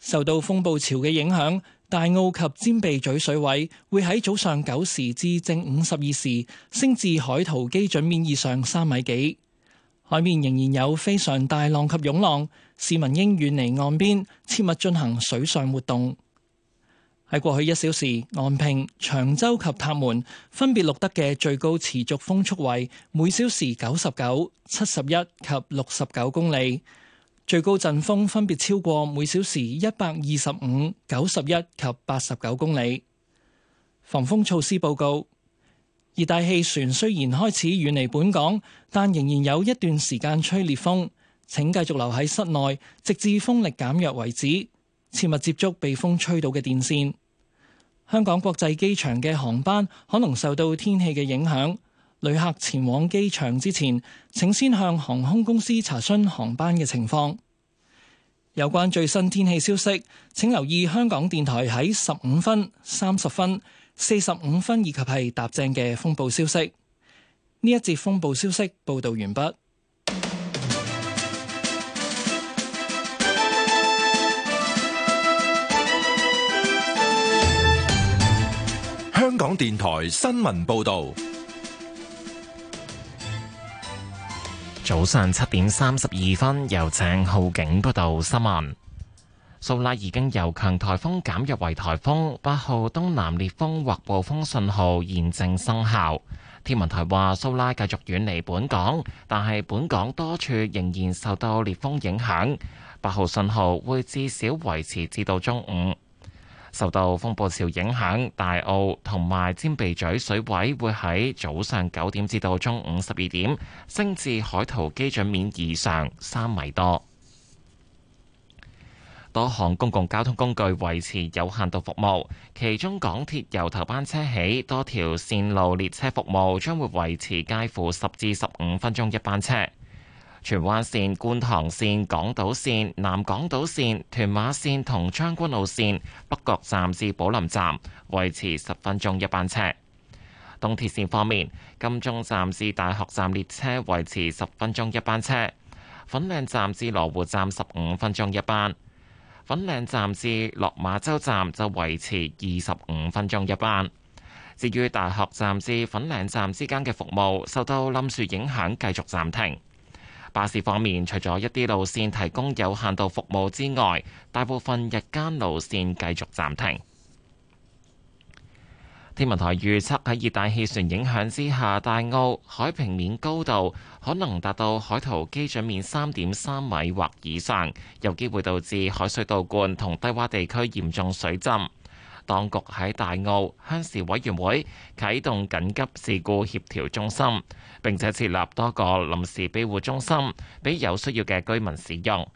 受到風暴潮嘅影響，大澳及尖鼻咀水位會喺早上九時至正午十二時升至海圖基準面以上三米幾。海面仍然有非常大浪及湧浪，市民應遠離岸邊，切勿進行水上活動。喺過去一小時，昂坪、長洲及塔門分別錄得嘅最高持續風速為每小時九十九、七十一及六十九公里，最高陣風分別超過每小時一百二十五、九十一及八十九公里。防風措施報告：熱帶氣旋雖然開始遠離本港，但仍然有一段時間吹烈風。請繼續留喺室內，直至風力減弱為止。切勿接觸被風吹倒嘅電線。香港國際機場嘅航班可能受到天氣嘅影響，旅客前往機場之前請先向航空公司查詢航班嘅情況。有關最新天氣消息，請留意香港電台喺十五分、三十分、四十五分以及係踏正嘅風暴消息。呢一節風暴消息報道完畢。香港電台新聞報道，早上七點三十二分，由鄭浩景報道新聞。蘇拉已經由強台風減弱為台風，八號東南烈風或暴風信號現正生效。天文台話，蘇拉繼續遠離本港，但係本港多處仍然受到烈風影響。八號信號會至少維持至到中午。受到風暴潮影響，大澳同埋尖鼻咀水位會喺早上九點至到中午十二點升至海圖基準面以上三米多。多項公共交通工具維持有限度服務，其中港鐵由頭班車起，多條線路列車服務將會維持介乎十至十五分鐘一班車。荃灣綫、觀塘綫、港島綫、南港島綫、屯馬綫同將軍澳綫北角站至寶林站維持十分鐘一班車。東鐵綫方面，金鐘站至大學站列車維持十分鐘一班車，粉嶺站至羅湖站十五分鐘一班，粉嶺站至落馬洲站就維持二十五分鐘一班。至於大學站至粉嶺站之間嘅服務受到冧樹影響，繼續暫停。巴士方面，除咗一啲路線提供有限度服務之外，大部分日間路線繼續暫停。天文台預測喺熱帶氣旋影響之下，大澳海平面高度可能達到海圖基準面三點三米或以上，有機會導致海水倒灌同低窪地區嚴重水浸。當局喺大澳鄉事委員會啟動緊急事故協調中心，並且設立多個臨時庇護中心，俾有需要嘅居民使用。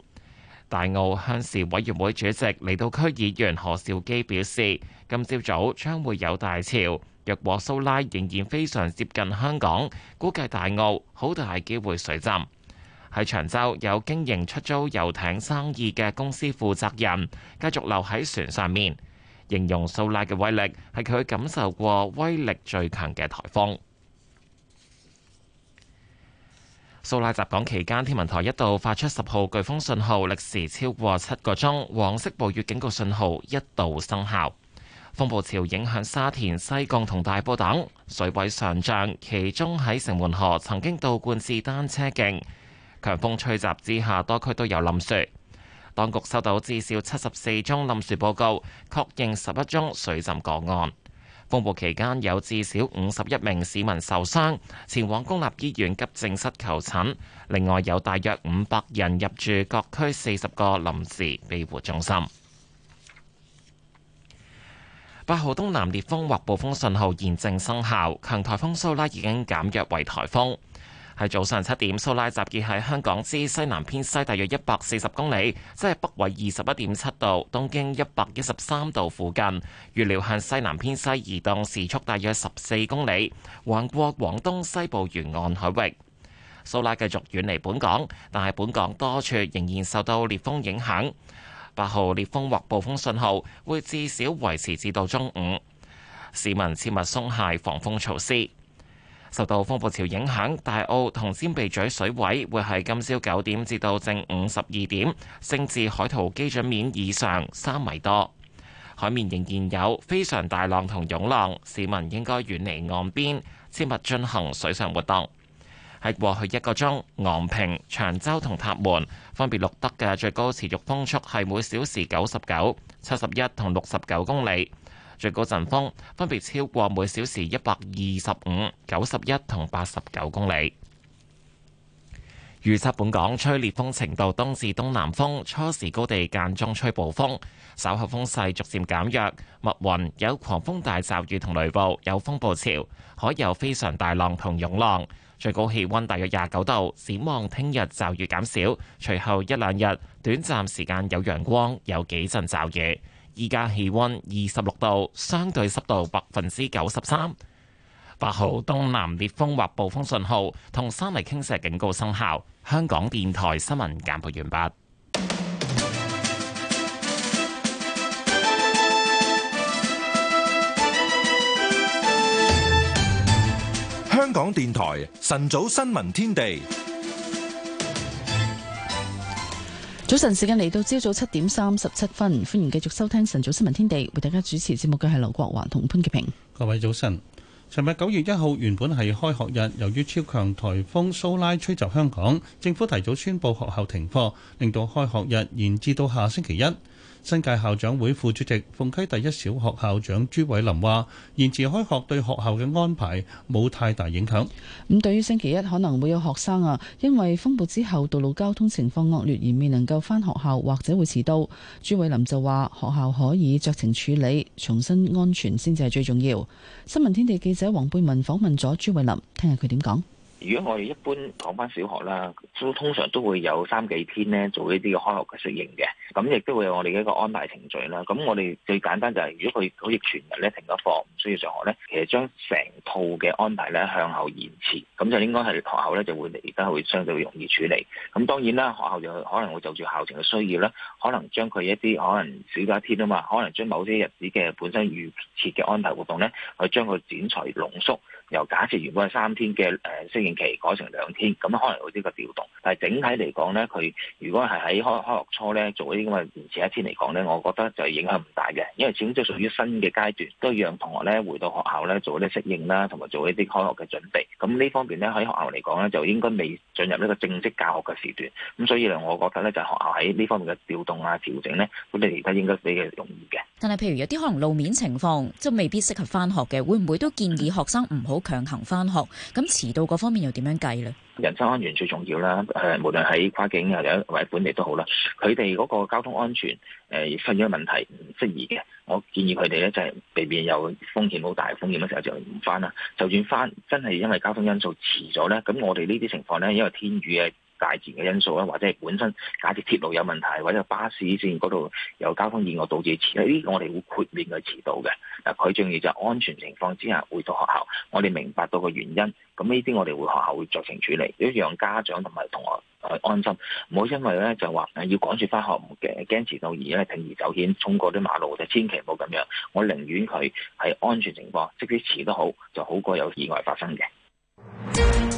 大澳鄉事委員會主席離島區議員何兆基表示，今朝早將會有大潮，若果蘇拉仍然非常接近香港，估計大澳好大機會水浸。喺長洲有經營出租遊艇生意嘅公司負責人繼續留喺船上面。形容蘇拉嘅威力係佢感受過威力最強嘅颱風。蘇拉襲港期間，天文台一度發出十號颶風信號，歷時超過七個鐘。黃色暴雨警告信號一度生效。風暴潮影響沙田、西貢同大埔等，水位上漲，其中喺城門河曾經倒灌至單車徑。強風吹襲之下，多區都有冧雪。當局收到至少七十四宗冧樹報告，確認十一宗水浸個案。風暴期間有至少五十一名市民受傷，前往公立醫院急症室求診。另外有大約五百人入住各區四十個臨時庇護中心。八號東南烈風或暴風信號現正生效，強颱風蘇拉已經減弱為颱風。係早上七點，蘇拉集結喺香港之西南偏西大約一百四十公里，即係北緯二十一點七度，東經一百一十三度附近。預料向西南偏西移動，時速大約十四公里，橫過廣東西部沿岸海域。蘇拉繼續遠離本港，但係本港多處仍然受到烈風影響。八號烈風或暴風信號會至少維持至到中午，市民切勿鬆懈防風措施。受到風暴潮影響，大澳同尖鼻咀水位會喺今朝九點至到正午十二點升至海圖基準面以上三米多。海面仍然有非常大浪同湧浪，市民應該遠離岸邊，切勿進行水上活動。喺過去一個鐘，昂坪、長洲同塔門分別錄得嘅最高持續風速係每小時九十九、七十一同六十九公里。最高陣風分別超過每小時一百二十五、九十一同八十九公里。預測本港吹烈風程度東至東南風，初時高地間中吹暴風，稍後風勢逐漸減弱。密雲有狂風大驟雨同雷暴，有風暴潮，海有非常大浪同湧浪。最高氣温大約廿九度。展望聽日驟雨減少，隨後一兩日短暫時間有陽光，有幾陣驟雨。依家氣温二十六度，相對濕度百分之九十三。八號東南烈風或暴風信號同山泥傾瀉警告生效。香港電台新聞簡報完畢。香港電台晨早新聞天地。早晨，時間嚟到朝早七點三十七分，歡迎繼續收聽晨早新聞天地，為大家主持節目嘅係劉國華同潘潔平。各位早晨，尋日九月一號原本係開學日，由於超強台風蘇拉吹襲香港，政府提早宣布學校停課，令到開學日延至到下星期一。新界校長會副主席鳳溪第一小學校長朱偉林話：延遲開學對學校嘅安排冇太大影響。咁對於星期一可能會有學生啊，因為風暴之後道路交通情況惡劣而未能夠返學校或者會遲到。朱偉林就話：學校可以酌情處理，重新安全先至係最重要。新聞天地記者黃貝文訪問咗朱偉林，聽下佢點講。如果我哋一般講翻小學啦，都通常都會有三幾天咧做呢啲嘅開學嘅適應嘅，咁亦都會有我哋嘅一個安排程序啦。咁我哋最簡單就係、是，如果佢好似全日咧停咗課，唔需要上學咧，其實將成套嘅安排咧向後延遲，咁就應該係學校咧就會嚟得會相對容易處理。咁當然啦，學校就可能會就住校情嘅需要啦，可能將佢一啲可能少咗一天啊嘛，可能將某些日子嘅本身預設嘅安排活動咧，去將佢剪裁濃縮。由假設原本係三天嘅誒適應期改成兩天，咁可能會有啲嘅調動，但係整體嚟講咧，佢如果係喺開開學初咧做一啲咁嘅延遲一天嚟講咧，我覺得就係影響唔大嘅，因為始終都屬於新嘅階段，都要讓同學咧回到學校咧做一啲適應啦，同埋做一啲開學嘅準備。咁呢方面咧喺學校嚟講咧，就應該未進入呢個正式教學嘅時段，咁所以咧，我覺得咧就係學校喺呢方面嘅調動啊調整咧，本你嚟得應該比較容易嘅。但係譬如有啲可能路面情況即未必適合翻學嘅，會唔會都建議學生唔好強行翻學，咁遲到嗰方面又點樣計咧？人身安全最重要啦。誒，無論喺跨境呀，又或者本地都好啦，佢哋嗰個交通安全誒發現咗問題唔適宜嘅，我建議佢哋咧就係、是、避免有風險好大風險嘅時候就唔翻啦。就算翻，真係因為交通因素遲咗咧，咁我哋呢啲情況咧，因為天雨啊。大自然嘅因素啦，或者係本身假設鐵路有問題，或者巴士綫嗰度有交通意外導致遲，呢我哋會豁免佢遲到嘅。嗱，佢仲要就安全情況之下回到學校。我哋明白到個原因，咁呢啲我哋會學校會酌情處理，如果讓家長同埋同學去安心。唔好因為咧就話誒要趕住返學，驚驚遲到而咧鋌而走險，衝過啲馬路，就千祈唔好咁樣。我寧願佢係安全情況，即使遲都好，就好過有意外發生嘅。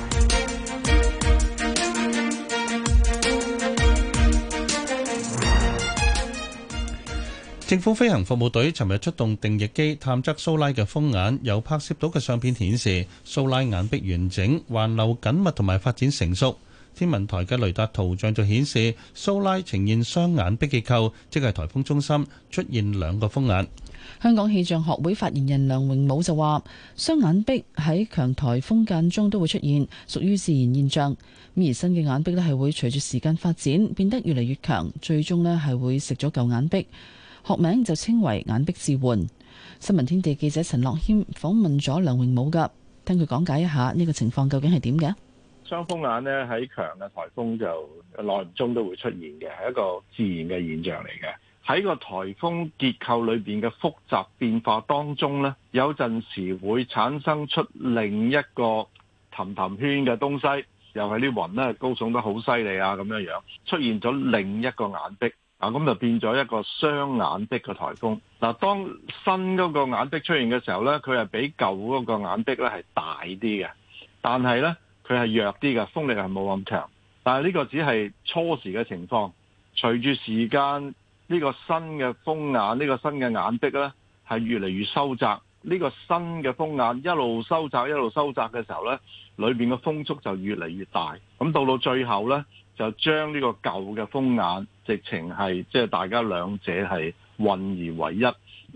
政府飛行服務隊尋日出動定翼機探測蘇拉嘅風眼，有拍攝到嘅相片顯示，蘇拉眼壁完整，環流緊密同埋發展成熟。天文台嘅雷達圖像就顯示，蘇拉呈現雙眼壁結構，即係台風中心出現兩個風眼。香港氣象學會發言人梁榮武就話，雙眼壁喺強台風間中都會出現，屬於自然現象。咁而新嘅眼壁呢係會隨住時間發展變得越嚟越強，最終呢係會食咗舊眼壁。學名就稱為眼壁置換。新聞天地記者陳樂謙訪問咗梁榮武噶，聽佢講解一下呢個情況究竟係點嘅？雙風眼呢，喺強嘅台風就耐唔中都會出現嘅，係一個自然嘅現象嚟嘅。喺個台風結構裏邊嘅複雜變化當中呢，有陣時會產生出另一個氹氹圈嘅東西，又係啲雲呢，高聳得好犀利啊，咁樣樣出現咗另一個眼壁。嗱，咁就變咗一個雙眼壁嘅颱風。嗱，當新嗰個眼壁出現嘅時候呢，佢係比舊嗰個眼壁咧係大啲嘅，但係呢，佢係弱啲嘅，風力係冇咁強。但係呢個只係初時嘅情況，隨住時間呢個新嘅風眼，呢個新嘅眼壁呢，係越嚟越收窄。呢個新嘅風眼一路收窄一路收窄嘅時候呢，裏面嘅風速就越嚟越大。咁到到最後呢，就將呢個舊嘅風眼。直情係即係大家兩者係混而為一，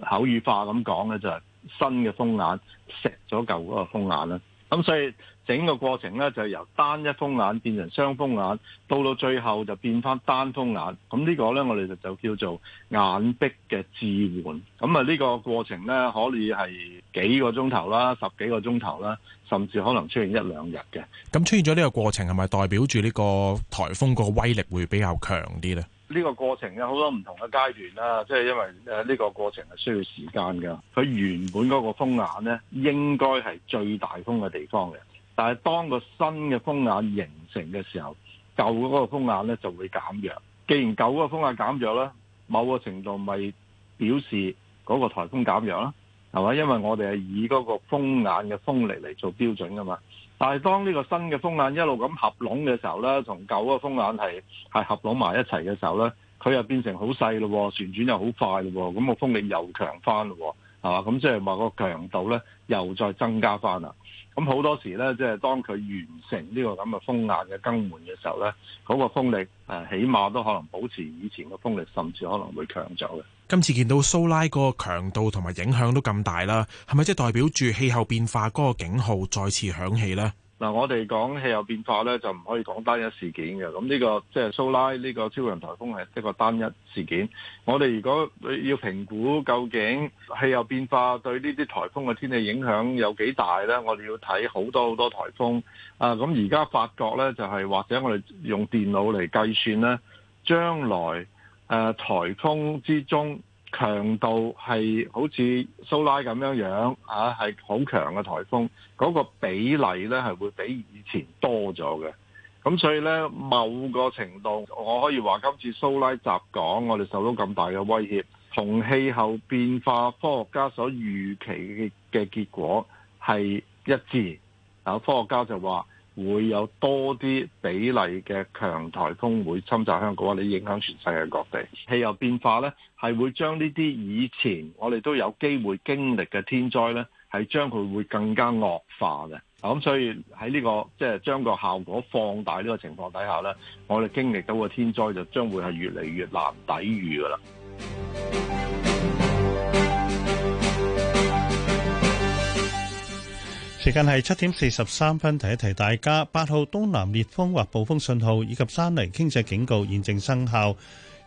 口語化咁講呢，就係新嘅風眼錫咗舊嗰個風眼啦。咁所以整個過程呢，就由單一風眼變成雙風眼，到到最後就變翻單風眼。咁呢個呢，我哋就就叫做眼壁嘅置換。咁啊，呢個過程呢，可以係幾個鐘頭啦，十幾個鐘頭啦，甚至可能出現一兩日嘅。咁出現咗呢個過程，係咪代表住呢個颱風個威力會比較強啲呢？呢個過程有好多唔同嘅階段啦，即係因為誒呢個過程係需要時間㗎。佢原本嗰個風眼呢，應該係最大風嘅地方嘅。但係當個新嘅風眼形成嘅時候，舊嗰個風眼呢就會減弱。既然舊嗰個風眼減弱咧，某個程度咪表示嗰個颱風減弱啦，係嘛？因為我哋係以嗰個風眼嘅風力嚟做標準㗎嘛。但係當呢個新嘅風眼一路咁合攏嘅時候呢，同舊個風眼係係合攏埋一齊嘅時候呢，佢又變成好細咯，旋轉又好快咯，咁個風力又強翻咯，係嘛？咁即係話個強度呢又再增加翻啦。咁好多時呢，即係當佢完成呢個咁嘅風眼嘅更換嘅時候呢，嗰個風力誒起碼都可能保持以前嘅風力，甚至可能會強咗嘅。今次見到蘇拉嗰個強度同埋影響都咁大啦，係咪即係代表住氣候變化嗰個警號再次響起呢？嗱，我哋講氣候變化呢，就唔可以講單一事件嘅。咁呢個即係蘇拉呢個超強颱風係一個單一事件。我哋如果要評估究竟氣候變化對呢啲颱風嘅天氣影響有幾大呢？我哋要睇好多好多颱風啊。咁而家發覺呢，就係或者我哋用電腦嚟計算呢將來。誒、呃、颱風之中強度係好似蘇拉咁樣樣嚇，係、啊、好強嘅台風，嗰、那個比例咧係會比以前多咗嘅。咁所以咧某個程度，我可以話今次蘇拉襲港，我哋受到咁大嘅威脅，同氣候變化科學家所預期嘅結果係一致。嗱、啊，科學家就話。會有多啲比例嘅強颱風會侵襲香港嘅話，話你影響全世界各地。氣候變化呢，係會將呢啲以前我哋都有機會經歷嘅天災呢，係將佢會更加惡化嘅。咁所以喺呢個即係將個效果放大呢個情況底下呢，我哋經歷到嘅天災就將會係越嚟越難抵御噶啦。時間係七點四十三分，提一提大家，八號東南烈風或暴風信號以及山泥傾瀉警告現正生效。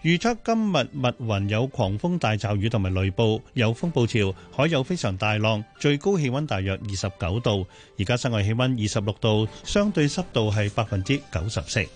預測今日密雲有狂風大驟雨同埋雷暴，有風暴潮，海有非常大浪，最高氣溫大約二十九度。而家室外氣溫二十六度，相對濕度係百分之九十四。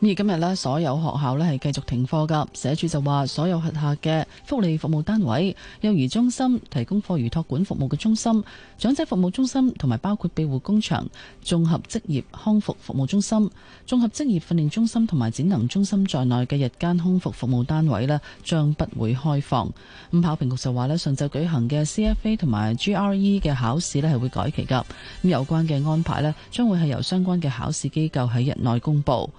咁而今日咧，所有學校咧係繼續停課噶。社署就話，所有轄下嘅福利服務單位、幼兒中心提供課餘托管服務嘅中心、長者服務中心同埋包括庇護工場、綜合職業康復服務中心、綜合職業訓練中心同埋展能中心在內嘅日間康復服務單位咧，將不會開放。咁考評局就話咧，上晝舉行嘅 CFA 同埋 GRE 嘅考試咧係會改期噶。咁有關嘅安排咧，將會係由相關嘅考試機構喺日內公布。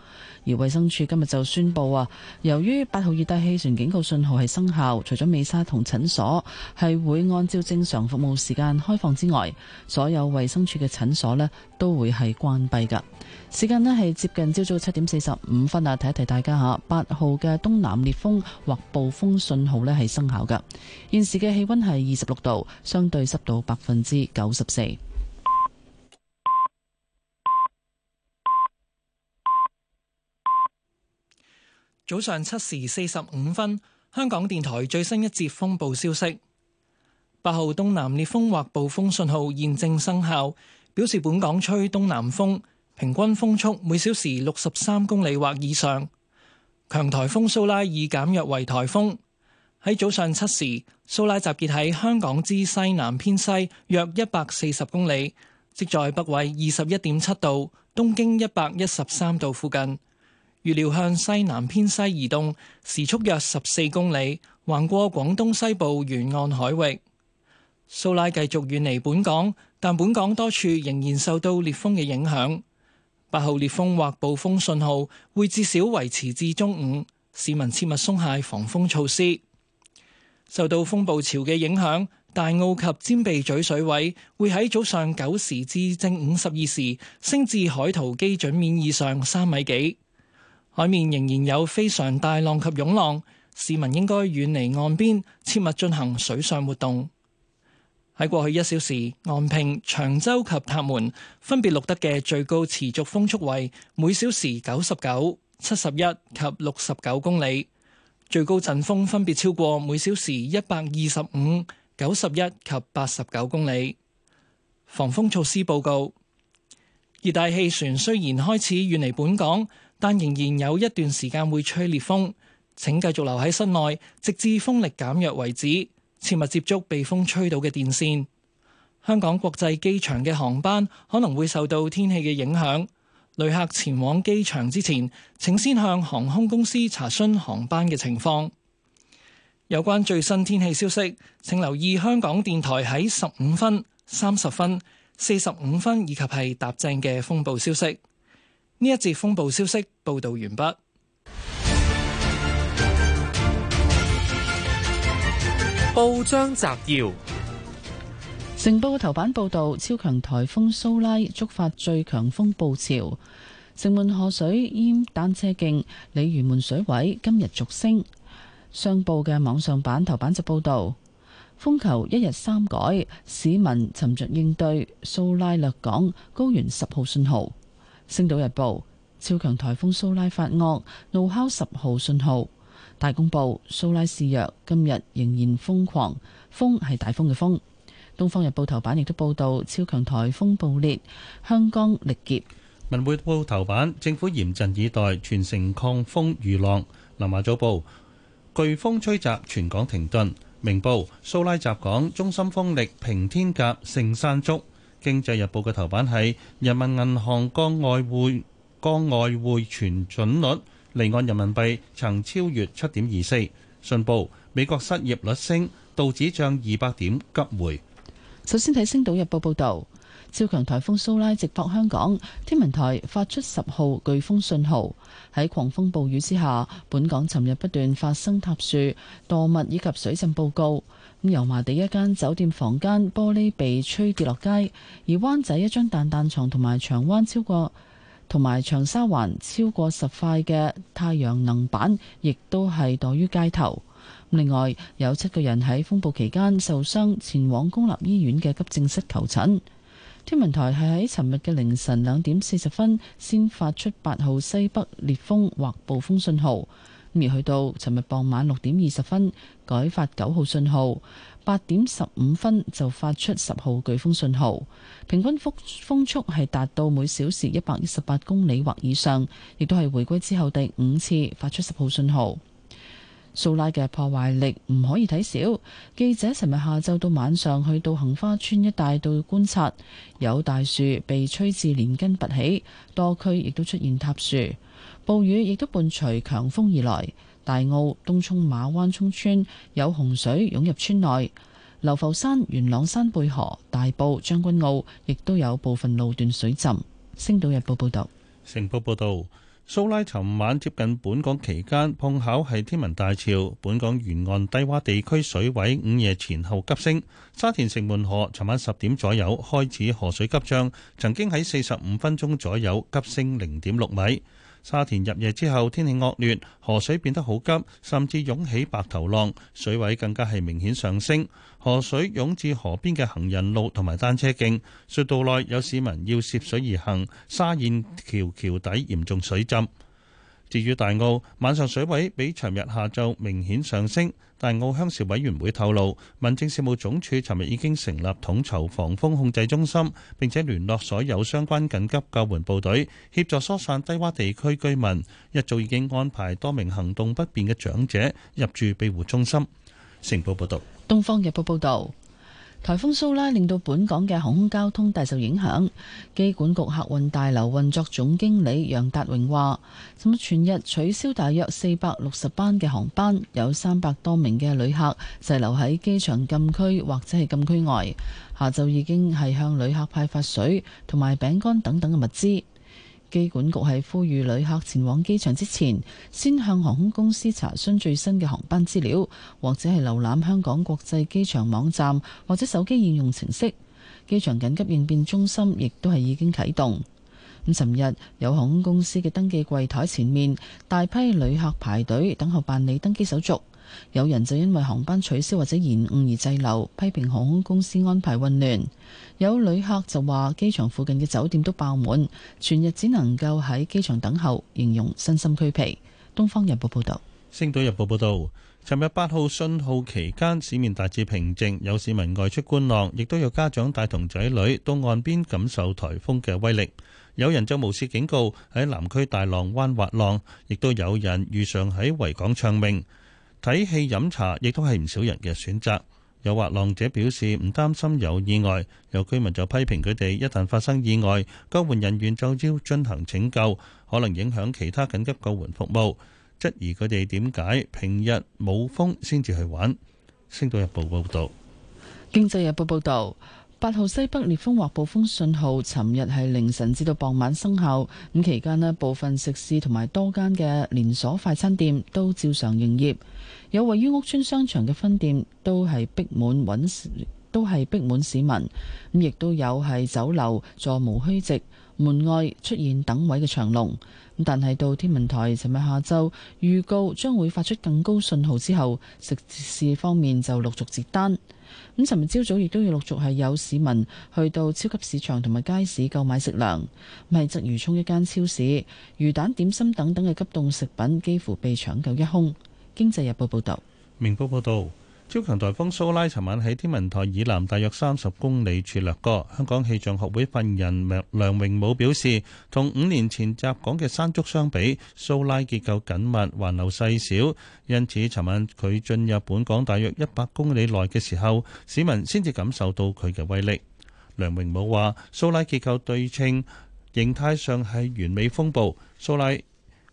而衛生署今日就宣布啊，由於八號熱帶氣旋警告信號係生效，除咗美沙同診所係會按照正常服務時間開放之外，所有衛生署嘅診所咧都會係關閉噶。時間咧係接近朝早七點四十五分啊，提一提大家下八號嘅東南烈風或暴風信號咧係生效噶。現時嘅氣溫係二十六度，相對濕度百分之九十四。早上七時四十五分，香港電台最新一節風暴消息：八號東南烈風或暴風信號現正生效，表示本港吹東南風，平均風速每小時六十三公里或以上。強台風蘇拉已減弱為台風。喺早上七時，蘇拉集結喺香港之西南偏西約一百四十公里，即在北緯二十一點七度、東經一百一十三度附近。預料向西南偏西移動，時速約十四公里，橫過廣東西部沿岸海域。蘇拉繼續遠離本港，但本港多處仍然受到烈風嘅影響。八號烈風或暴風信號會至少維持至中午，市民切勿鬆懈防風措施。受到風暴潮嘅影響，大澳及尖鼻咀水位會喺早上九時至正午十二時升至海圖基準面以上三米幾。海面仍然有非常大浪及湧浪，市民應該遠離岸邊，切勿進行水上活動。喺過去一小時，岸平、長洲及塔門分別錄得嘅最高持續風速為每小時九十九、七十一及六十九公里，最高陣風分別超過每小時一百二十五、九十一及八十九公里。防風措施報告：熱帶氣旋雖然開始遠離本港。但仍然有一段時間會吹烈風，請繼續留喺室內，直至風力減弱為止，切勿接觸被風吹到嘅電線。香港國際機場嘅航班可能會受到天氣嘅影響，旅客前往機場之前，請先向航空公司查詢航班嘅情況。有關最新天氣消息，請留意香港電台喺十五分、三十分、四十五分以及係踏正嘅風暴消息。呢一節風暴消息報道完畢。報章摘要：成報頭版報道超強台風蘇拉觸發最強風暴潮，城門河水淹單車徑，鯉魚門水位今日續升。商報嘅網上版頭版就報道風球一日三改，市民沉着應對蘇拉掠港，高原十號信號。星島日報：超強颱風蘇拉發惡，怒敲十號信號。大公報：蘇拉示弱，今日仍然瘋狂，風係大風嘅風。東方日報頭版亦都報道超強台風暴裂，香港力竭。文匯報頭版：政府嚴陣以待，全城抗風御浪。南華早報：颶風吹襲，全港停頓。明報：蘇拉襲港，中心風力平天鴿，勝山竹。《經濟日報》嘅頭版係：人民銀行降外匯降外匯存準率，離岸人民幣曾超越七點二四。信報：美國失業率升，道指漲二百點急回。首先睇《星島日報》報道：超強台風蘇拉直撲香港，天文台發出十號颶風信號。喺狂風暴雨之下，本港尋日不斷發生塌樹、墮物以及水浸報告。油麻地一間酒店房間玻璃被吹跌落街，而灣仔一張彈彈床同埋長灣超過同埋長沙灣超過十塊嘅太陽能板，亦都係墮於街頭。另外，有七個人喺風暴期間受傷，前往公立醫院嘅急症室求診。天文台係喺尋日嘅凌晨兩點四十分先發出八號西北烈風或暴風信號。而去到尋日傍晚六點二十分改發九號信號，八點十五分就發出十號颶風信號，平均風風速係達到每小時一百一十八公里或以上，亦都係回歸之後第五次發出十號信號。蘇拉嘅破壞力唔可以睇小。記者尋日下晝到晚上去到杏花村一帶度觀察，有大樹被吹至連根拔起，多區亦都出現塌樹。暴雨亦都伴隨強風而來，大澳、東涌、馬灣涌村有洪水湧入村內，流浮山、元朗山貝河、大埔、將軍澳亦都有部分路段水浸。星島日報報道：「成報報導，蘇拉尋晚接近本港期間，碰巧係天文大潮，本港沿岸低洼地區水位午夜前後急升。沙田城門河尋晚十點左右開始河水急漲，曾經喺四十五分鐘左右急升零點六米。沙田入夜之後，天氣惡劣，河水變得好急，甚至湧起白頭浪，水位更加係明顯上升。河水湧至河邊嘅行人路同埋單車徑，隧道內有市民要涉水而行，沙燕橋橋底嚴重水浸。至於大澳，晚上水位比尋日下晝明顯上升。大澳鄉事委員會透露，民政事務總署尋日已經成立統籌防風控制中心，並且聯絡所有相關緊急救援部隊，協助疏散低窪地區居民。一早已經安排多名行動不便嘅長者入住庇護中心。成報報道，東方日報報道。颱風蘇拉令到本港嘅航空交通大受影響，機管局客運大樓運作總經理楊達榮話：咁全日取消大約四百六十班嘅航班，有三百多名嘅旅客滯留喺機場禁區或者係禁區外。下晝已經係向旅客派發水同埋餅乾等等嘅物資。機管局係呼籲旅客前往機場之前，先向航空公司查詢最新嘅航班資料，或者係瀏覽香港國際機場網站，或者手機應用程式。機場緊急應變中心亦都係已經啟動。咁尋日有航空公司嘅登記櫃台前面，大批旅客排隊等候辦理登機手續。有人就因為航班取消或者延誤而滯留，批評航空公司安排混亂。有旅客就話，機場附近嘅酒店都爆滿，全日只能夠喺機場等候，形容身心俱疲。東方日報報道，星島日報報道。尋日八號信號期間，市面大致平靜，有市民外出觀浪，亦都有家長帶同仔女到岸邊感受台風嘅威力。有人就無視警告，喺南區大浪灣滑浪，亦都有人遇上喺維港暢泳。睇戲飲茶亦都係唔少人嘅選擇。有滑浪者表示唔擔心有意外，有居民就批評佢哋一旦發生意外，救援人員就要進行拯救，可能影響其他緊急救援服務，質疑佢哋點解平日冇風先至去玩。星島日報報道，經濟日報報道。八號西北烈風或暴風信號，尋日係凌晨至到傍晚生效。咁期間咧，部分食肆同埋多間嘅連鎖快餐店都照常營業，有位於屋邨商場嘅分店都係逼滿揾，都係逼滿市民。咁亦都有係酒樓座無虛席，門外出現等位嘅長龍。咁但係到天文台尋日下晝預告將會發出更高信號之後，食肆方面就陸續截單。咁，尋日朝早亦都要陸續係有市民去到超級市場同埋街市購買食糧，喺鰂魚涌一間超市，魚蛋點心等等嘅急凍食品幾乎被搶購一空。經濟日報報道。明報報道。超強台風蘇拉尋晚喺天文台以南大約三十公里處掠過，香港氣象學會發言人梁梁榮武表示，同五年前襲港嘅山竹相比，蘇拉結構緊密，環流細小，因此尋晚佢進入本港大約一百公里內嘅時候，市民先至感受到佢嘅威力。梁榮武話，蘇拉結構對稱，形態上係完美風暴。蘇拉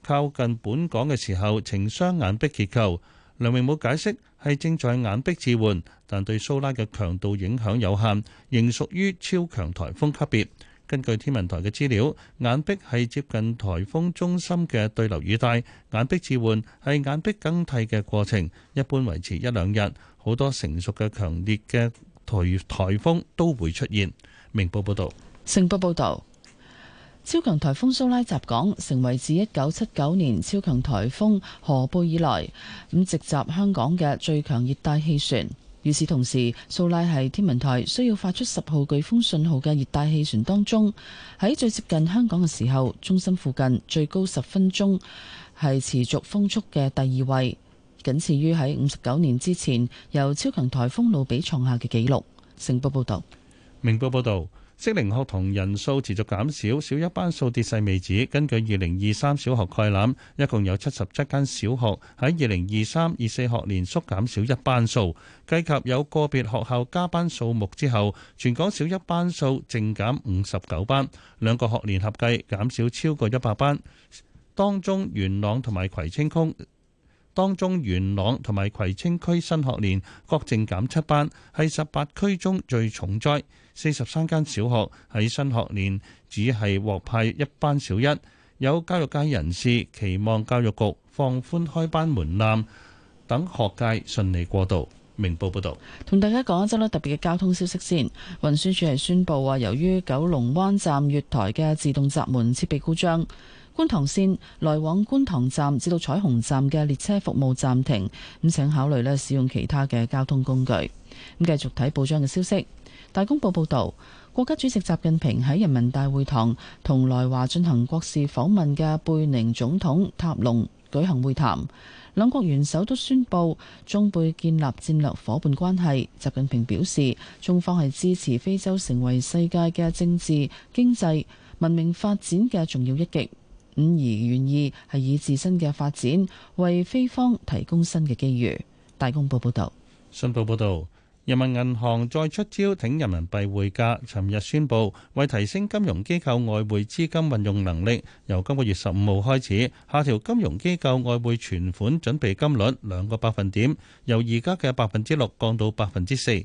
靠近本港嘅時候呈雙眼壁結構。梁榮武解釋。係正在眼壁置換，但對蘇拉嘅強度影響有限，仍屬於超強颱風級別。根據天文台嘅資料，眼壁係接近颱風中心嘅對流雨帶，眼壁置換係眼壁更替嘅過程，一般維持一兩日。好多成熟嘅強烈嘅台颱風都會出現。明報報道。星報報導。超強颱風蘇拉襲港，成為自一九七九年超強颱風荷貝以來咁直襲香港嘅最強熱帶氣旋。與此同時，蘇拉係天文台需要發出十號颶風信號嘅熱帶氣旋當中，喺最接近香港嘅時候，中心附近最高十分鐘係持續風速嘅第二位，僅次於喺五十九年之前由超強颱風露比創下嘅紀錄。成報報道，明報報道。適齡學童人數持續減少，小一班數跌勢未止。根據二零二三小學概覽，一共有七十七間小學喺二零二三二四學年縮減小一班數，計及有個別學校加班數目之後，全港小一班數淨減五十九班，兩個學年合計減少超過一百班，當中元朗同埋葵青空。當中元朗同埋葵青區新學年各政減七班，係十八區中最重災。四十三間小學喺新學年只係獲派一班小一。有教育界人士期望教育局放寬開班門檻，等學界順利過渡。明報報道，同大家講一則特別嘅交通消息先。運輸署係宣布話，由於九龍灣站月台嘅自動閘門設備故障。觀塘綫來往觀塘站至到彩虹站嘅列車服務暫停，咁請考慮咧使用其他嘅交通工具。咁繼續睇報章嘅消息，大公報報道，國家主席習近平喺人民大會堂同來華進行國事訪問嘅貝寧總統塔隆舉行會談，兩國元首都宣布中貝建立戰略伙伴關係。習近平表示，中方係支持非洲成為世界嘅政治、經濟、文明發展嘅重要一極。五而願意係以自身嘅發展為菲方提供新嘅機遇。大公報報道，信報報道，人民銀行再出招挺人民幣匯價。尋日宣布，為提升金融機構外匯資金運用能力，由今個月十五號開始下調金融機構外匯存款準備金率兩個百分點，由而家嘅百分之六降到百分之四。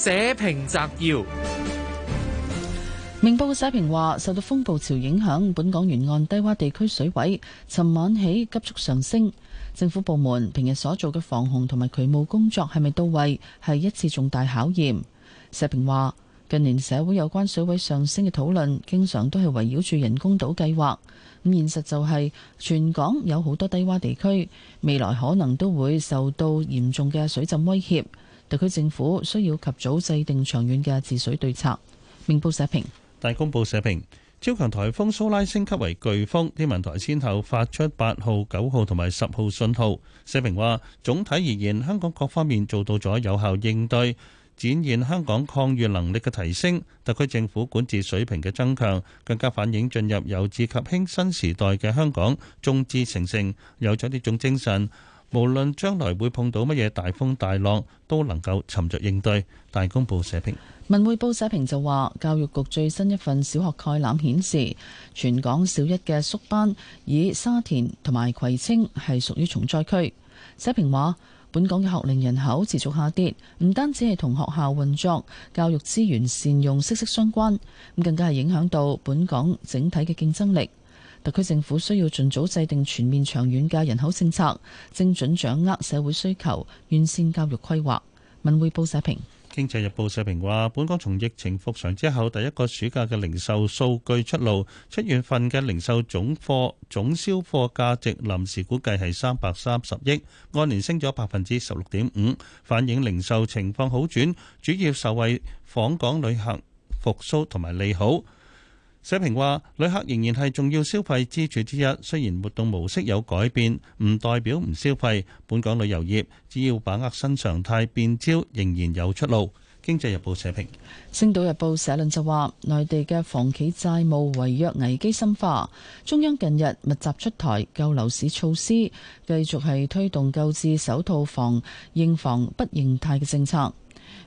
社評摘要：明報嘅社評話，受到風暴潮影響，本港沿岸低洼地區水位，尋晚起急速上升。政府部門平日所做嘅防洪同埋渠務工作係咪到位，係一次重大考驗。社評話，近年社會有關水位上升嘅討論，經常都係圍繞住人工島計劃。咁現實就係，全港有好多低洼地區，未來可能都會受到嚴重嘅水浸威脅。特區政府需要及早制定長遠嘅治水對策。明報社評、大公報社評，超強颱風蘇拉升級為颶風，天文台先後發出八號、九號同埋十號信號。社評話：總體而言，香港各方面做到咗有效應對，展現香港抗御能力嘅提升，特區政府管治水平嘅增強，更加反映進入有志及興新時代嘅香港，眾志成城，有咗呢種精神。無論將來會碰到乜嘢大風大浪，都能夠沉着應對。大公報社評，文匯報社評就話，教育局最新一份小學概覽顯示，全港小一嘅縮班，以沙田同埋葵青係屬於重災區。社評話，本港嘅學齡人口持續下跌，唔單止係同學校運作、教育資源善用息息相關，咁更加係影響到本港整體嘅競爭力。特區政府需要盡早制定全面、長遠嘅人口政策，精準掌握社會需求，完善教育規劃。文匯報社評，《經濟日報》社評話本港從疫情復常之後第一個暑假嘅零售數據出爐，七月份嘅零售總貨總銷貨價值臨時估計係三百三十億，按年升咗百分之十六點五，反映零售情況好轉，主要受惠訪港旅客復蘇同埋利好。社評話，旅客仍然係重要消費支柱之一，雖然活動模式有改變，唔代表唔消費。本港旅遊業只要把握新常態變招，仍然有出路。經濟日報社評。星島日報社論就話，內地嘅房企債務違約危機深化，中央近日密集出台救樓市措施，繼續係推動購置首套房認房不認貸嘅政策。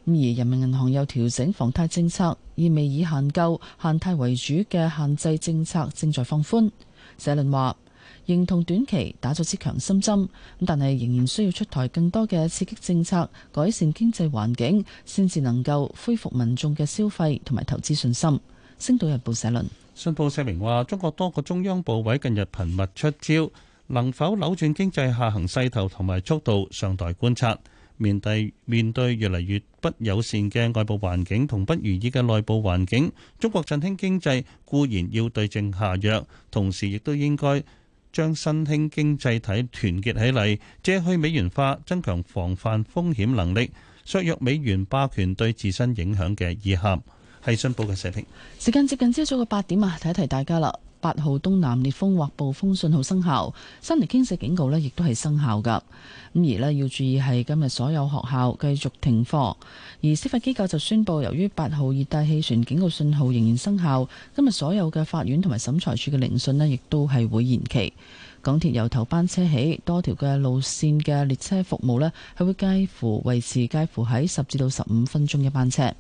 咁而人民銀行又調整房貸政策，意味以限購限貸為主嘅限制政策正在放寬。社論話認同短期打咗支強心針，咁但係仍然需要出台更多嘅刺激政策，改善經濟環境，先至能夠恢復民眾嘅消費同埋投資信心。星島日報社論。信報社評話中國多個中央部委近日頻密出招，能否扭轉經濟下行勢頭同埋速度，尚待觀察。面對面對越嚟越不友善嘅外部環境同不如意嘅內部環境，中國振興經濟固然要對症下藥，同時亦都應該將新興經濟體團結起嚟，借去美元化，增強防範風險能力，削弱美元霸權對自身影響嘅意涵。係信報嘅社評，時間接近朝早嘅八點啊，提一提大家啦。八號東南烈風或暴風信號生效，山泥傾瀉警告呢亦都係生效㗎。咁而呢要注意係今日所有學校繼續停課，而司法機構就宣布，由於八號熱帶氣旋警告信號仍然生效，今日所有嘅法院同埋審裁處嘅聆訊呢亦都係會延期。港鐵由頭班車起，多條嘅路線嘅列車服務呢係會介乎維持介乎喺十至到十五分鐘一班車。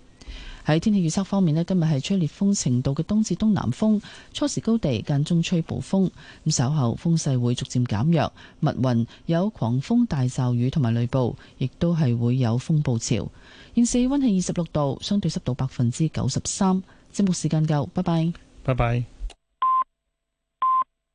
喺天氣預測方面咧，今日係吹烈風程度嘅東至東南風，初時高地間中吹暴風，咁稍後風勢會逐漸減弱。密雲有狂風大驟雨同埋雷暴，亦都係會有風暴潮。現時氣溫係二十六度，相對濕度百分之九十三。節目時間夠，拜拜。拜拜。